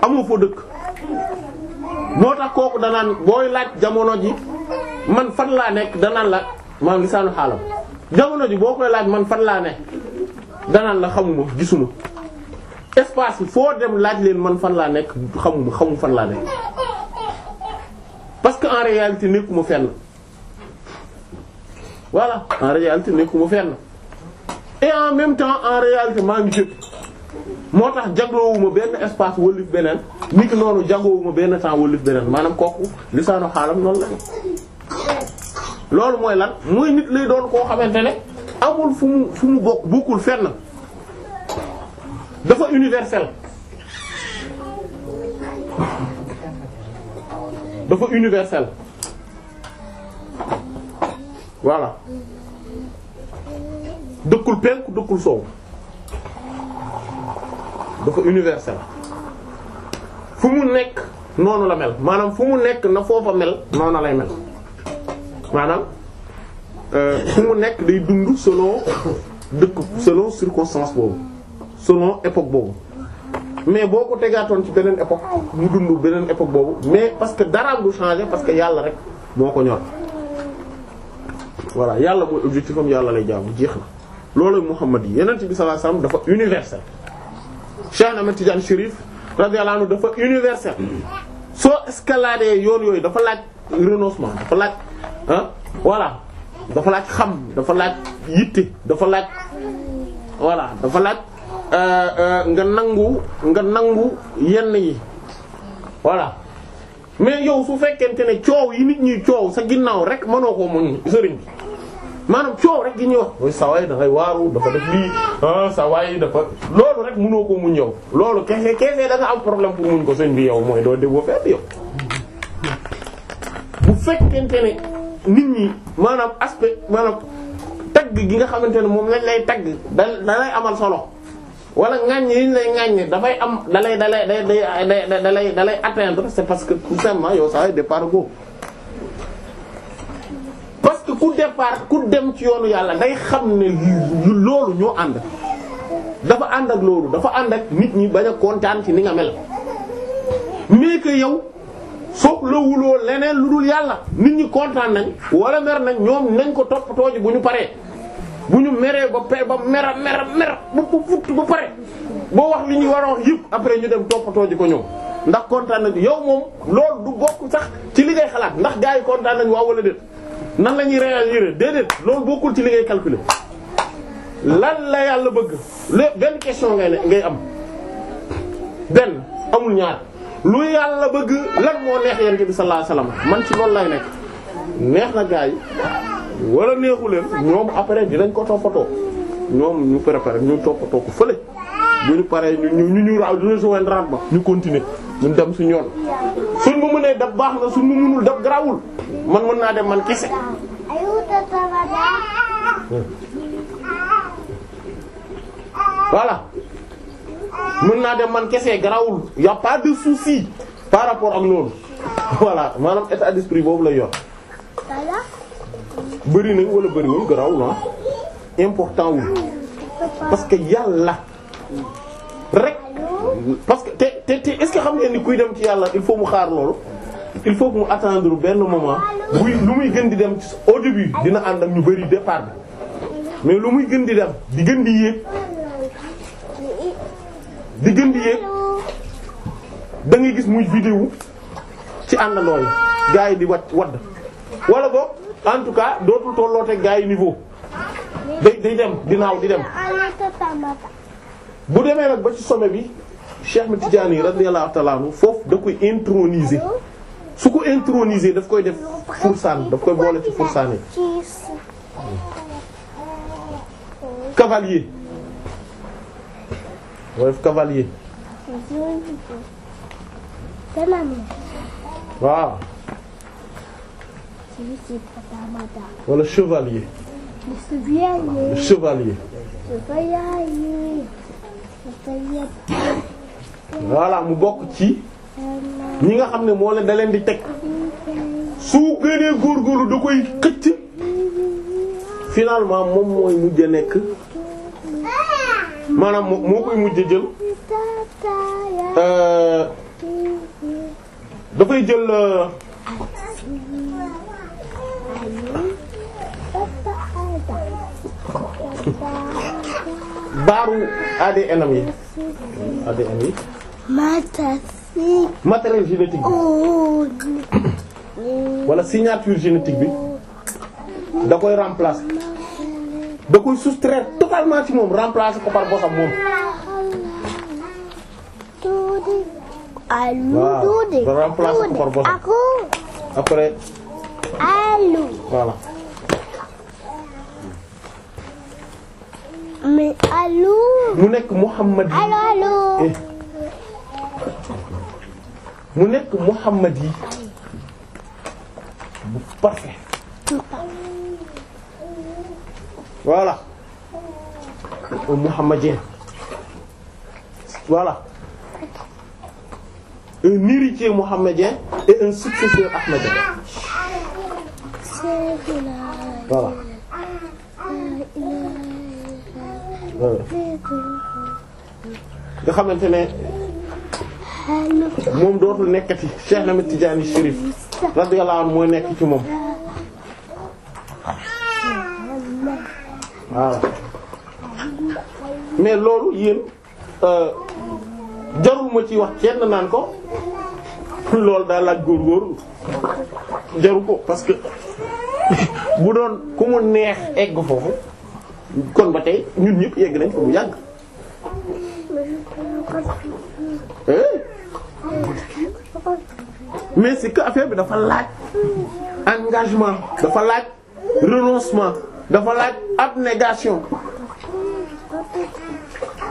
amoo fa dëkk moo tax kooku danaan booy laaj jamono ji man fan laa nekk danaan la maam lisaanu xaalam jamono ji boo koy laaj man fan laa ne danaan la xamuma gisuma espace bi foo dem laaj leen man fan laa nekk xamuma xamu fan laa nekk parce que en réalité nekkuma fenn voilà en réalité nekkuma fenn et en même temps en réalité maa ngi fépp moo tax jagloowuma benn espace wëlif beneen ni ki noonu jagloowuma benn temps wëlif beneen maanaam kooku lisaanu xaalam noonu la loolu mooy lan mooy nit lay doon koo xamante amul fu mu fu mu bokk bokkul fenn dafa universel dafa universel voilà dëkkul penku dëkkul soow dafa universel fu mu nekk noonu la mel maanaam fu mu nekk na foofa mel noonu lay mel maanaam euh, fu mu nekk day dund selon dëkk selon circonstance boobu selon époque boobu mais boo ko tegaatoon ci beneen époque mu dund beneen époque boobu mais parce que dara du changer parce que yàlla rek moo ko ñor voilà yàlla mooy objectif am yàlla lay jaamu jeex na. loolu Muhammad yi yeneen bi sallallahu alayhi wasallam dafa universel Cheikh Ahmed Tidiane Chérif radiyallahu anhu dafa universel soo escalader yoon yooyu dafa laaj renoncement dafa laaj ah voilà dafa laaj xam dafa laaj yitte dafa laaj voilà dafa laaj. Euh, euh, nga nangu nga nangu yenn yi voilà mais yow su fekkente ne coow yi nit ñuy coow sa ginnaaw rek mënoo ko muñ sëriñ bi maanaam coow rek gi ñuy wax sa dafay waaru dafa def lii ah, sa waay dafa loolu rek mënoo ko muñ yow loolu kese kese da am problème pour muñ ko sëriñ bi yow mooy doo déggoo fenn yow bu fekkente ne nit ñi maanaam aspect maanaam tagg gi nga xamante ne moom lañ lay tagg da amal solo. wala ŋàññ yi ñu lay ŋàññ dafay am dalay dalay day day dalay dalay atteindre c'est parce que tout simplement yow saa départ go parce que ku départ ku dem ci yoonu yàlla ngay xam ne loolu ñoo ànd dafa ànd ak loolu dafa ànd ak nit ñi bañ a kontaan ci ni nga mel mais que yow soog la wuloo leneen lu dul yàlla nit ñi kontaan nañ wala mer nañ ñoom nañ ko toppatoo ji bu ñu paree. bu ñu meree ba pe ba mera mera mera ba ba futt ba pare boo wax li ñuy war a wax yëpp après ñu dem toppatoo ji ko ñëw ndax kontaan nañu yow moom loolu du bokk sax ci li ngay xalaat ndax gaa yi kontaan nañ waaw wala déet nan la ñuy réagir déedéet loolu bokkul ci li ngay lan la yàlla bëgg lépp benn question ngay am benn amul ñaar lu yàlla bëgg lan moo neex yonent bi sallallahu alayhi man ci loolu lay nekk neex na gaa yi. wala neexu leen ñoom après dinañ ko toppatoo ñoom ñu préparé ñu toppatoo ko fële bu ñu paree ñu ñu ñu raaw ñu rejoindre rendement ñu continuer ñu dem su ñoon suñ mu mënee dab baax na suñ mu mënul dab garaawul man mën naa dem man kese. voilà mën naa dem man kese garawul y a pas de souci par rapport ak loolu voilà maanaam état d'esprit boobu lay yor. bëri na wala bëriwul garawul ah important wul parce que yàlla rek parce que te te te est xam ngeen ni kuy dem ci yàlla il faut mu xaar loolu il faut que mu attendre benn moment buy lu muy gën di dem au début dina ànd ak ñu bëri départ bi mais lu muy gën di dem di gën di yéeg di gën di yéeg da gis muy vidéo ci àndandoo yi gars yi di wat wadd wala boog en tout cas dootul tolloote gaa yi niveau day day dem dinaaw di dem bu demee nag ba ci sommet bi Cheikh Ahmed Tidiane radiyallahu ta'ala anhu foofu da koy introniser su ko introniser daf koy def fursaan daf koy boole ci fursaan yi cavalier moo def cavalier waaw wala chevalier. le chevalier. voilà mu bokk ci ñi nga xam ne moo leen da di teg su góor góorgóorlu da koy xëcc finalement moom mooy mujj a nekk maanaam moo koy mujj jël euh, dafay jël. Euh, baaru ADN am yi ADN yi. matériel génétique bi wala signature génétique bi da koy remplacer da koy soustraire moom remplacer ko par bosam moom. waaw ko par bosam après. voilà. mais allo. mu nekk Muhammad yi eh. mu nekk Muhammad yi bu parfait. voilà. Muhammadien. voilà. un héritier Muhammadien et un successeur ahmadien. voilà nga xamante ne moom dootul nekkati Cheikh Ahmed Tidiane Chérif radiyallahu anhu mooy nekk ci moom voilà mais loolu yéen euh, jarul ma ci wax kenn naan ko loolu daal laaj góorgóorlu jaru ko parce que bu doon ku mu neex egg foofu kon ba tey ñun ñëpp yegg nañ ko bu yàgg. Eh? mais c'est que affaire bi dafa laaj engagement dafa laaj renoncement dafa laaj abnégation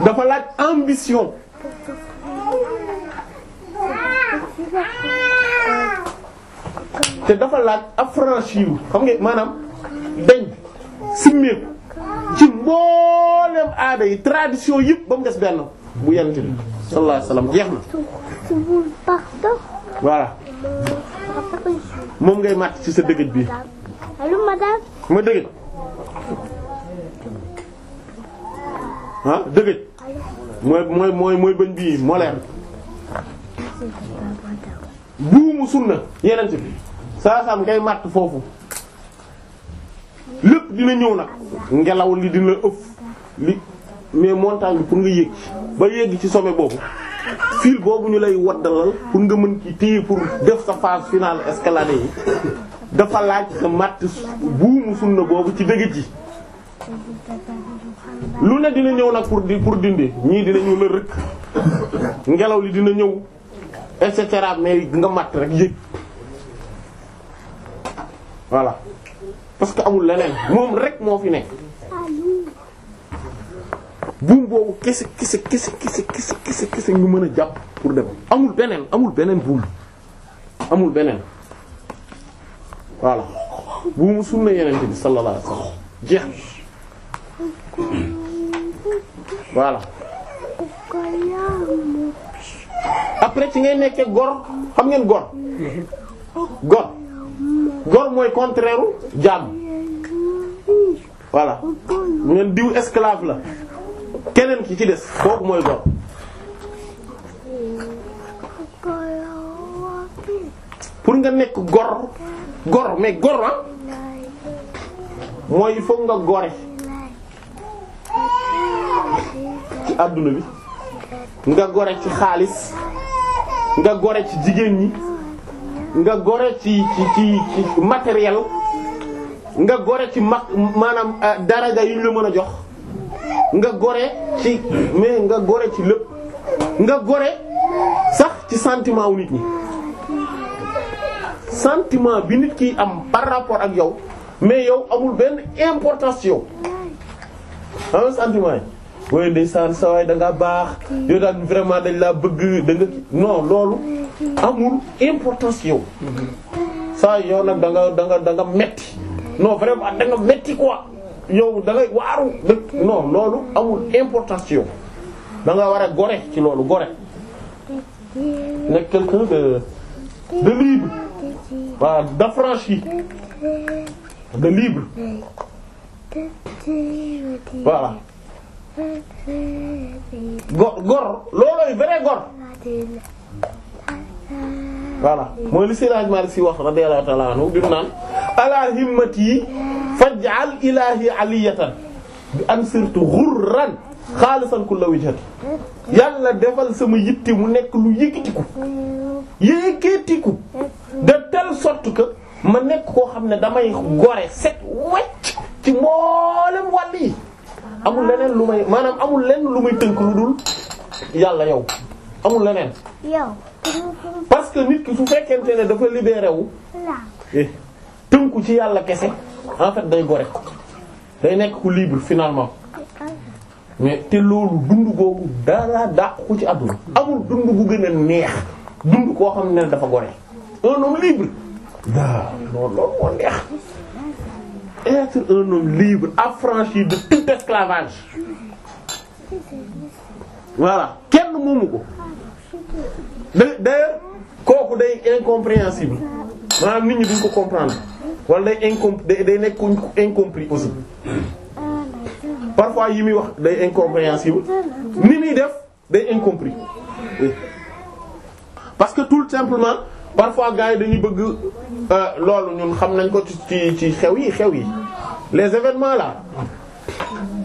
dafa laaj ambition. te dafa laaj affranchir xam nga maanaam dañ simmeeku ci mboolem aada yi tradition yëpp ba mu des benn bu yent bi sallallahu alayhi wasallam jeex na voilà moom ngay màtt ci sa dëgëj bi ma dëgëj ah dëgëj mooy mooy mooy bëñ bii moleer buumu sunna yeneen ci bi saa saam ngay màtt foofu lépp dina ñëw nag ngelaw li dina ëff li mais montagne bi pour nga yéeg ba yéeg ci some boobu fil boobu ñu lay waddalal pour nga mën ci téye pour def sa phase finale escalade yi dafa laaj sa matt buumu sunna boobu ci dëgg ji lu ne dina ñëw nag pour pour dindi ñii dina ñu la rëkk ngelaw li dina ñëw et cetera mais nga mat rek yëg voilà parce que amul leneen moom rek moo fi nekk buum boobu kese kese kese kese kese kese mën a jàpp pour dem amul beneen amul beneen buum amul beneen voilà buumu sunna yeneen bi sallallahu alayhi wasallam jeex voilà. après ci ngay nekkee gor xam ngeen gor gor gor mooy contraire u jaam voilà mu ngeen diw esclave la keneen ki ci des kooku mooy gor pour nga nekk gor gor mais gor ah mooy foog nga gore ci àdduna bi nga gore ci xaalis nga gore ci jigéen ñi nga gore ci ci ci ci matériel nga gore ci ma maanaam euh, daraja yu ñu mën a jox nga gore ci mais nga gore ci lépp nga gore sax ci sentiment wu nit ñi sentiment bi nit ki am par rapport ak yow mais yow amul benn importance ci yow sentiment yi waaye ndeysaan sa waay da baax mm. yow daal vraiment dañ laa bëgg da nga non loolu amul importance yow mm-hmm. saa yow nag da metti non vraiment da metti quoi yow da ngay waaru non loolu amul importance yow da gore ci loolu gore nekk quelqu'un de de libre waaw d'affranchi de libre mm. voilà gor gor loolooy vrai gor voilà mooy li Siraj Malik si wax radiyallahu ta'ala anhu bi mu naan ala himmati faj'al ilahi aliyatan bi ansirtu ghurran xaalisan kulla wijhati yàlla defal sama yitte mu nekk lu yëkkatiku yëkkatiku de telle sorte ma nekk koo xam ne damay gore set wecc ci mboolem wàll amul leneen lu may maanaam amul lenn lu may tënk lu dul yàlla yow amul leneen. yow. parce que nit ki su fekkente ne dafa libéré wu. Eh, tënku ci yàlla kese en fait day gore day nekk ku libre finalement mais te loolu dund googu dara dàq ko ci àdduna amul dund bu gën a neex dund koo xam ne dafa gore un libre daa loolu moo neex être un homme libre affranchi de tout esclavage voilà kenn moomu ko d'ailleurs kooku day incompréhensible maanaam nit ñi duñ ko comprendre wala day incom day nekk incompris aussi parfois yi muy wax day incompréhensible ni muy def day incompris parce que tout simplement parfois gars yi dañuy bëgg euh, loolu ñun xam nañ ko ci ci xew yi xew yi les événements là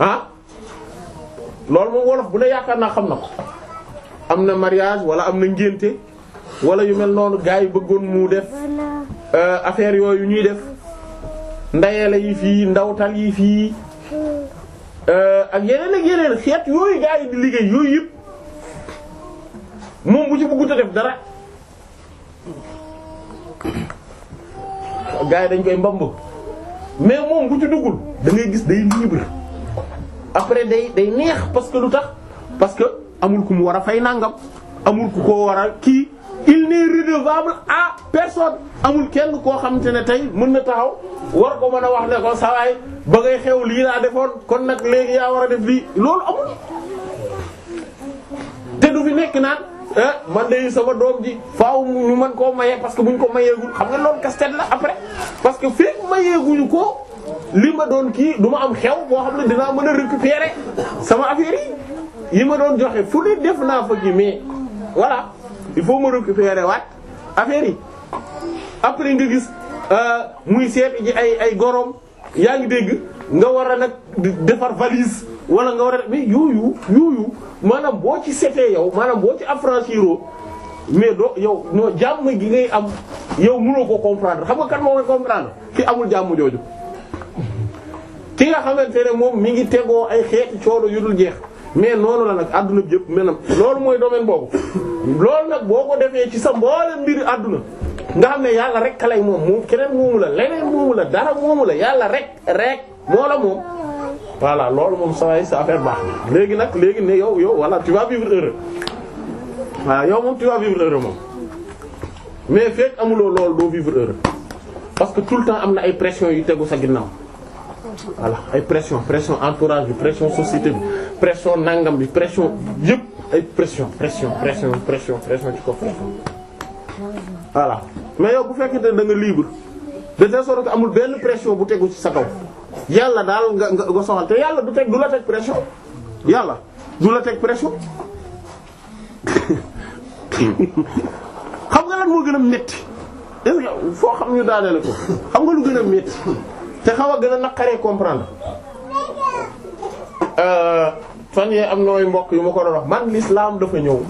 ah loolu moom wolof bu ne yaakaar naa xam na ko am na mariage wala am na ngénte wala yu mel noonu gars yi bëggoon mu def euh, affaire yooyu ñuy def ndayeele yi fii ndawtal yi fii euh, ak yeneen ak yeneen xeet yooyu gars yi di liggéey yooyu yëpp moom bu ci bëggut a def dara. gars yi dañ koy mbamb mais moom bu ci duggul da ngay gis day libre après day neex parce que lu tax parce que amul ku mu war a fay nangam amul ku ko war kii il n'est redevable à personne amul kenn koo xamante ne tey mën na taxaw war ko mën a wax ne ko sawaay ba ngay xew lii laa defoon kon nag léegi yaa war a def lii loolu amul te du fi nekk naan Eh, man de sama doom ji faaw ñu mën koo mayee parce que bu ñu ko mayeegul xam nga loolu casse-tête la après parce que fekk mayeeguñu ko li ma doon kii du ma am xew boo xam ne dinaa mën a récupérer sama affaire yi yi ma doon joxe fu ne def naa fa gi mais voilà il faut ma récupérer waat affaire yi après nga gis euh, muy seet ji ay ay gorom yaa ngi dégg. nga war a nag defar valise wala nga war a mais yooyu yooyu maanaam boo ci setee yow maanaam boo ci affranchiroo mais doo yow noo jàmm gi ngay am yow mënoo ko comprendre xam nga kan moo comprendre ki amul jàmm jooju ki nga xamante ne moom mi ngi tegoo ay xeeti coono yu dul jeex mais noonu la nag àdduna bi yëpp maanaam loolu mooy domaine boobu loolu nag boo ko defee ci sa mboolem mbiri àdduna nga am ne yàlla rek ka lay moom moom keneen moomu la leneen moomu la dara moomu la yàlla rek rek moo la moom. voilà loolu moom saa yi sa affaire baax na léegi nag léegi ne yow yow voilà tu vas vivre heureux waaw yow moom tu vivre heureux moom mais fekk amuloo loolu doo vivre heureux parce que tout le temps am na ay pression yu tegu sa ginnaaw. voilà ay pression pression entourage bi pression société bi pression nangam bi pression yëpp ay pression pression pression pression pression voilà mais yow bu fekkente ne da nga libre de telle soro que amul benn pression bu tegu ci sa kaw yàlla daal nga nga soxal te yàlla du teg du la teg pression yàlla du la teg pression xam nga lan moo gën a métti foo xam ñu daanele ko xam nga lu gën a métti te xaw a gën a naqaree comprendre euh, fan yee am nooy mbokk yu ma ko doon wax man l'islam dafa ñëw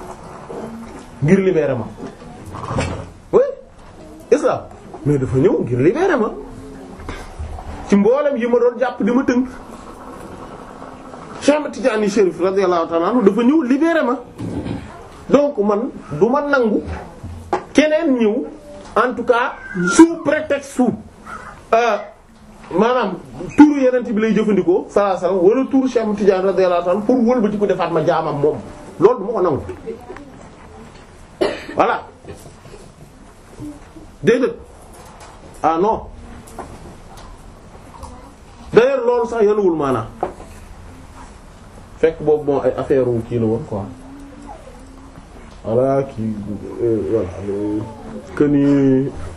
ngir libérer ma islam mais dafa ñëw ngir libérer ma ci mboolem yi ma doon jàpp di ma tënk Cheikh Ahmad Tidiane Chérif radiyallahu ta'ala dafa ñëw libeere ma donc man du ma nangu keneen ñëw en tout cas sous prétexte sous euh, maanaam tuuru yeneen bi lay jëfandikoo sallallahu alayhi wasallam wala tuuru Cheikh Ahmad Tidiane pour ta'ala pour wëlbati ko defaat ma jaamam moom loolu du ma ko nangu voilà. déedéet ah non d'ailleurs loolu sax yaluwul maanaam fekk boobu moom ay affaire wu kii la woon quoi voilà kii euh, voilà que ni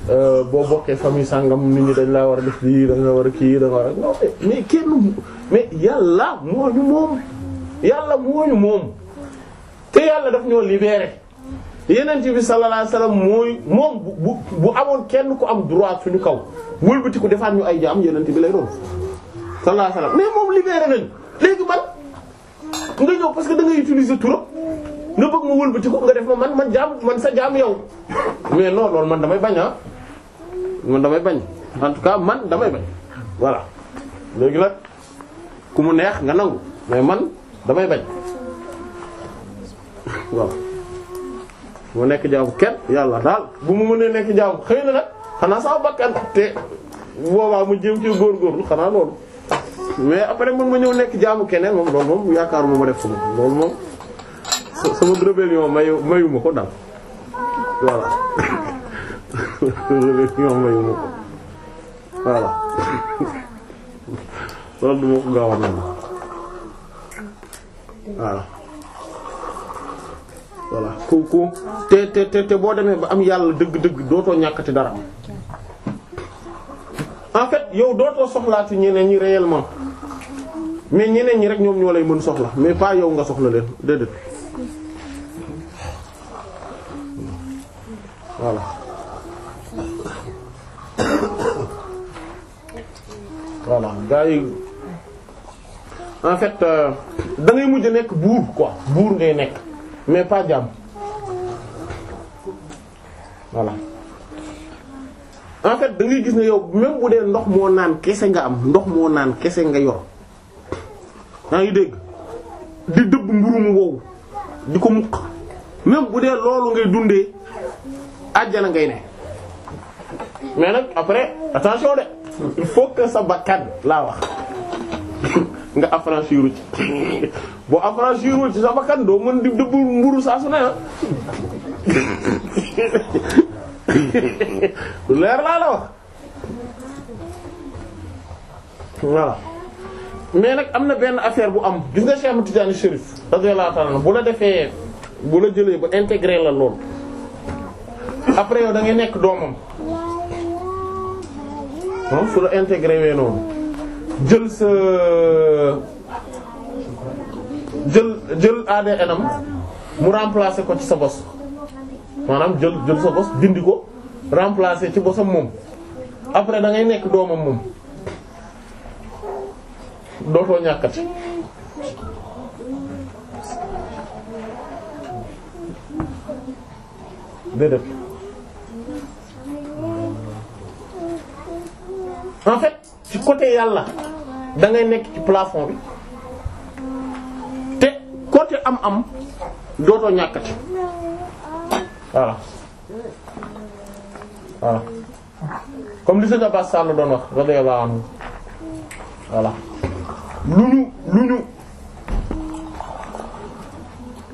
euh, boo bokkee famille sàngam nit ñi dañ laa war a def lii da nga war a kii da nga war a mais kenn mais yàlla moo ñu moom yàlla moo ñu moom te yàlla daf ñoo libéré. yeneen ci bi sallallahu alayhi mooy moom bu bu amoon kenn ku am droit ñu kaw wëlbati ko defaat ñu ay jaam yeneen bi lay doon sallallahu alayhi wasallam mais moom libéré nañ léegi man nga ñëw parce que dangay ngay utiliser turam nga bëgg ma wëlbati ko nga def ma man man sa jaam yow mais non loolu man damay bañ ah man damay bañ en tout cas man damay bañ voilà léegi nag ku mu neex nga nangu mais man damay bañ waaw. mu nekk jaamu kenn yàlla daal bu mu mënee nekk jaamu xëy na nag xanaa sama bakkan te boobaa mu jéem ci góorgóorlu xanaa loolu mais après man ma ñëw nekk jaamu keneen moom loolu moom yaakaar ma ma def ko loolu moom sama ma ko daal ma ko loolu du ma ko gaaw a voilà ku ku te te te te boo demee ba am yàlla dëgg-dëgg dootoo ñàkkati dara en fait yow dootoo soxlaati ñeneen ñi réellement mais ñeneen ñi rek ñoom ñoo lay mën soxla mais pas yow nga soxla leen déedéet voilà. voilà gaa yi en fait euh, da ngay mujj nekk buur ko buur ngay nekk. mais pas jàmm voilà en fait da ngay gis ne yow même bu dee ndox moo naan kese nga am ndox moo naan kese nga yor yaa ngi dégg di dëbb mburu mu wow di ko mukk même bu dee loolu ngay dundee àjjana ngay ne mais nag après attention de il faut que sa bakkan laa wax nga affranchir ci boo affranchir ci sa bakkan doo mën di dëbb mburu saa su ne ah. leer laa la wax mais nag am na benn affaire bu am gis nga Cheikh Ahmad Tidiane Chérif la defee bu la jëlee ba intégré la lool après yow da ngay nekk doomam su la intégré wee noonu jël sa jël jël ADN am mu remplacer ko ci sa bos maanaam jël jël sa bos dindi ko remplacer ci bosam moom après da ngay nekk doomam moom dootoo ñàkkati déedéet en fait ci côté yàlla da ngay nekk ci plafond bi te côté am-am dootoo ñàkkati voilà voilà comme li sëñ Abass Sall doon wax radiyallahu anhu voilà lu ñu lu ñu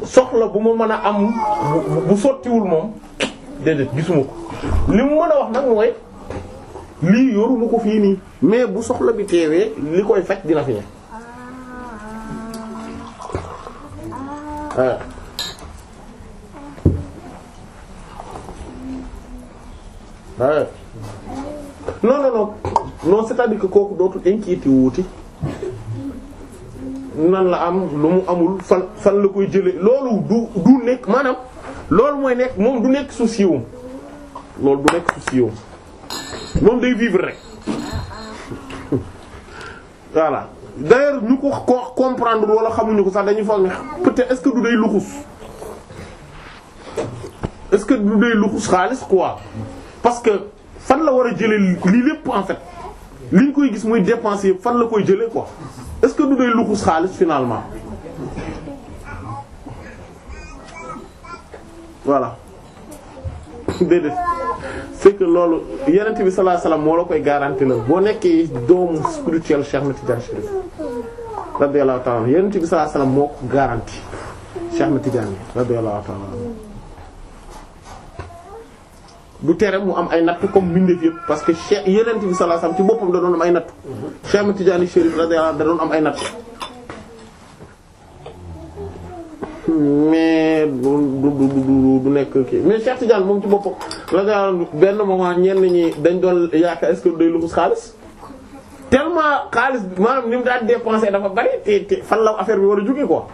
soxla bu ma mën a am bu sottiwul moom déedéet gisuma ko li mu mën a wax nag mooy. lii yoru ko fii nii mais bu soxla bi teewee li koy faj dina fi ne waaw ah. ah. ah. non non non kooku dootul inquiété wuuti nan la am lu mu amul fan fan la koy jële loolu du du nekk maanaam loolu mooy nekk moom du nekk su wum loolu du nekk souci wum moom day vivre rek voilà d'ailleurs ñu ko ko comprendre wala xamuñu ko sax dañuy foog ne peut-être est-ce du day luxus est-ce que du day luxus xaalis quoi parce que fan la war a jële lii lépp en fait li ñu koy gis muy dépenser fan la koy jële ko est-ce que du day luxus xaalis finalement voilà déedéet c'est que loolu yenent bi sallallahu alayhi moo la koy garanti la boo nekkee doomu spirituel Cheikh Ahmed Tidiane Chérif radiyallahu ta'ala yenent bi sallallahu alayhi wasallam moo ko garanti Cheikh Ahmed Tidiane radiyallahu ta'ala du tere mu am ay natt comme mbindeef yëpp parce que Cheikh yenent bi sallallahu alayhi wasallam ci boppam da doon am ay natt Cheikh Ahmed Tidiane Chérif radiyallahu da doon am ay natt mais du du du du nekk kii mais Cheikh Tidiane moom ci boppam la nga benn moment ñenn ñi dañ doon yaakaar est-ce que day luxus xaalis tellement xaalis bi ni mu daan dépensé dafa bari te te fan la affaire bi war a jóge quoi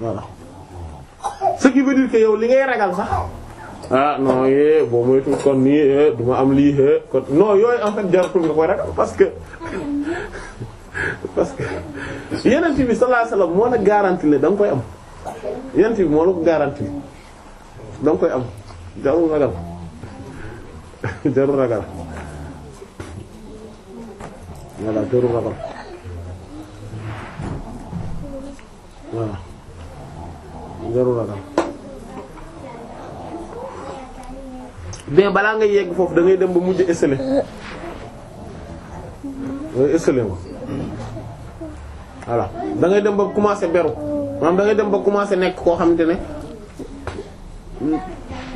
voilà ce qui veut dire yow li ngay ragal sax ah non yee eh, boo moytu kon nii eh, duma am lii eh, kon non yooyu en fait jaratul nga koy ragal parce que. parce que yonent bi sallallahu alayhi wasallam moo la garanti ne da koy am yonent bi moo la ko garanti da nga koy am jarul ragal jarul ragal voilà jarul ragal voilà jarul ragal mais balaa nga yegg foofu da dem ba mujj esselé nga esselé voilà da ngay dem ba commencé beru maanaam dangay dem ba commencé nekk koo xamante ne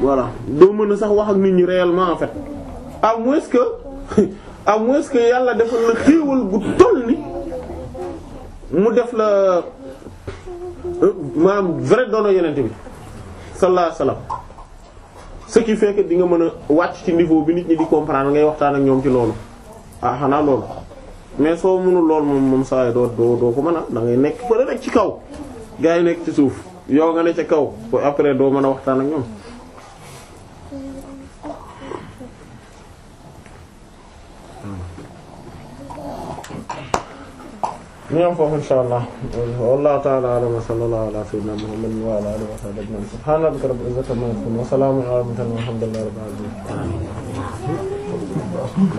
voilà doo mën a sax wax ak nit ñi réellement en fait am moins que à moins que yàlla defal na xéewal bu toll ni mu def la euh, maanaam vrai doono yenente bi sallallahu alayhi wasallam ce qui fait nga mën a wàcc ci niveau bi nit ñi di comprendre ngay waxtaan ak ñoom ci loolu ah xanaa loolu mais soo mënul lool moom moom saa yi doo doo doo ko mën a da nekk fële rek ci kaw gars yi nekk ci suuf yow nga ne ca kaw ba après doo mën a waxtaan ak ñoom. ñoom hmm. foofu insha allah wallahu ta'ala a'lam wa sallallahu ala sayyidina muhammadin wa ala alihi wa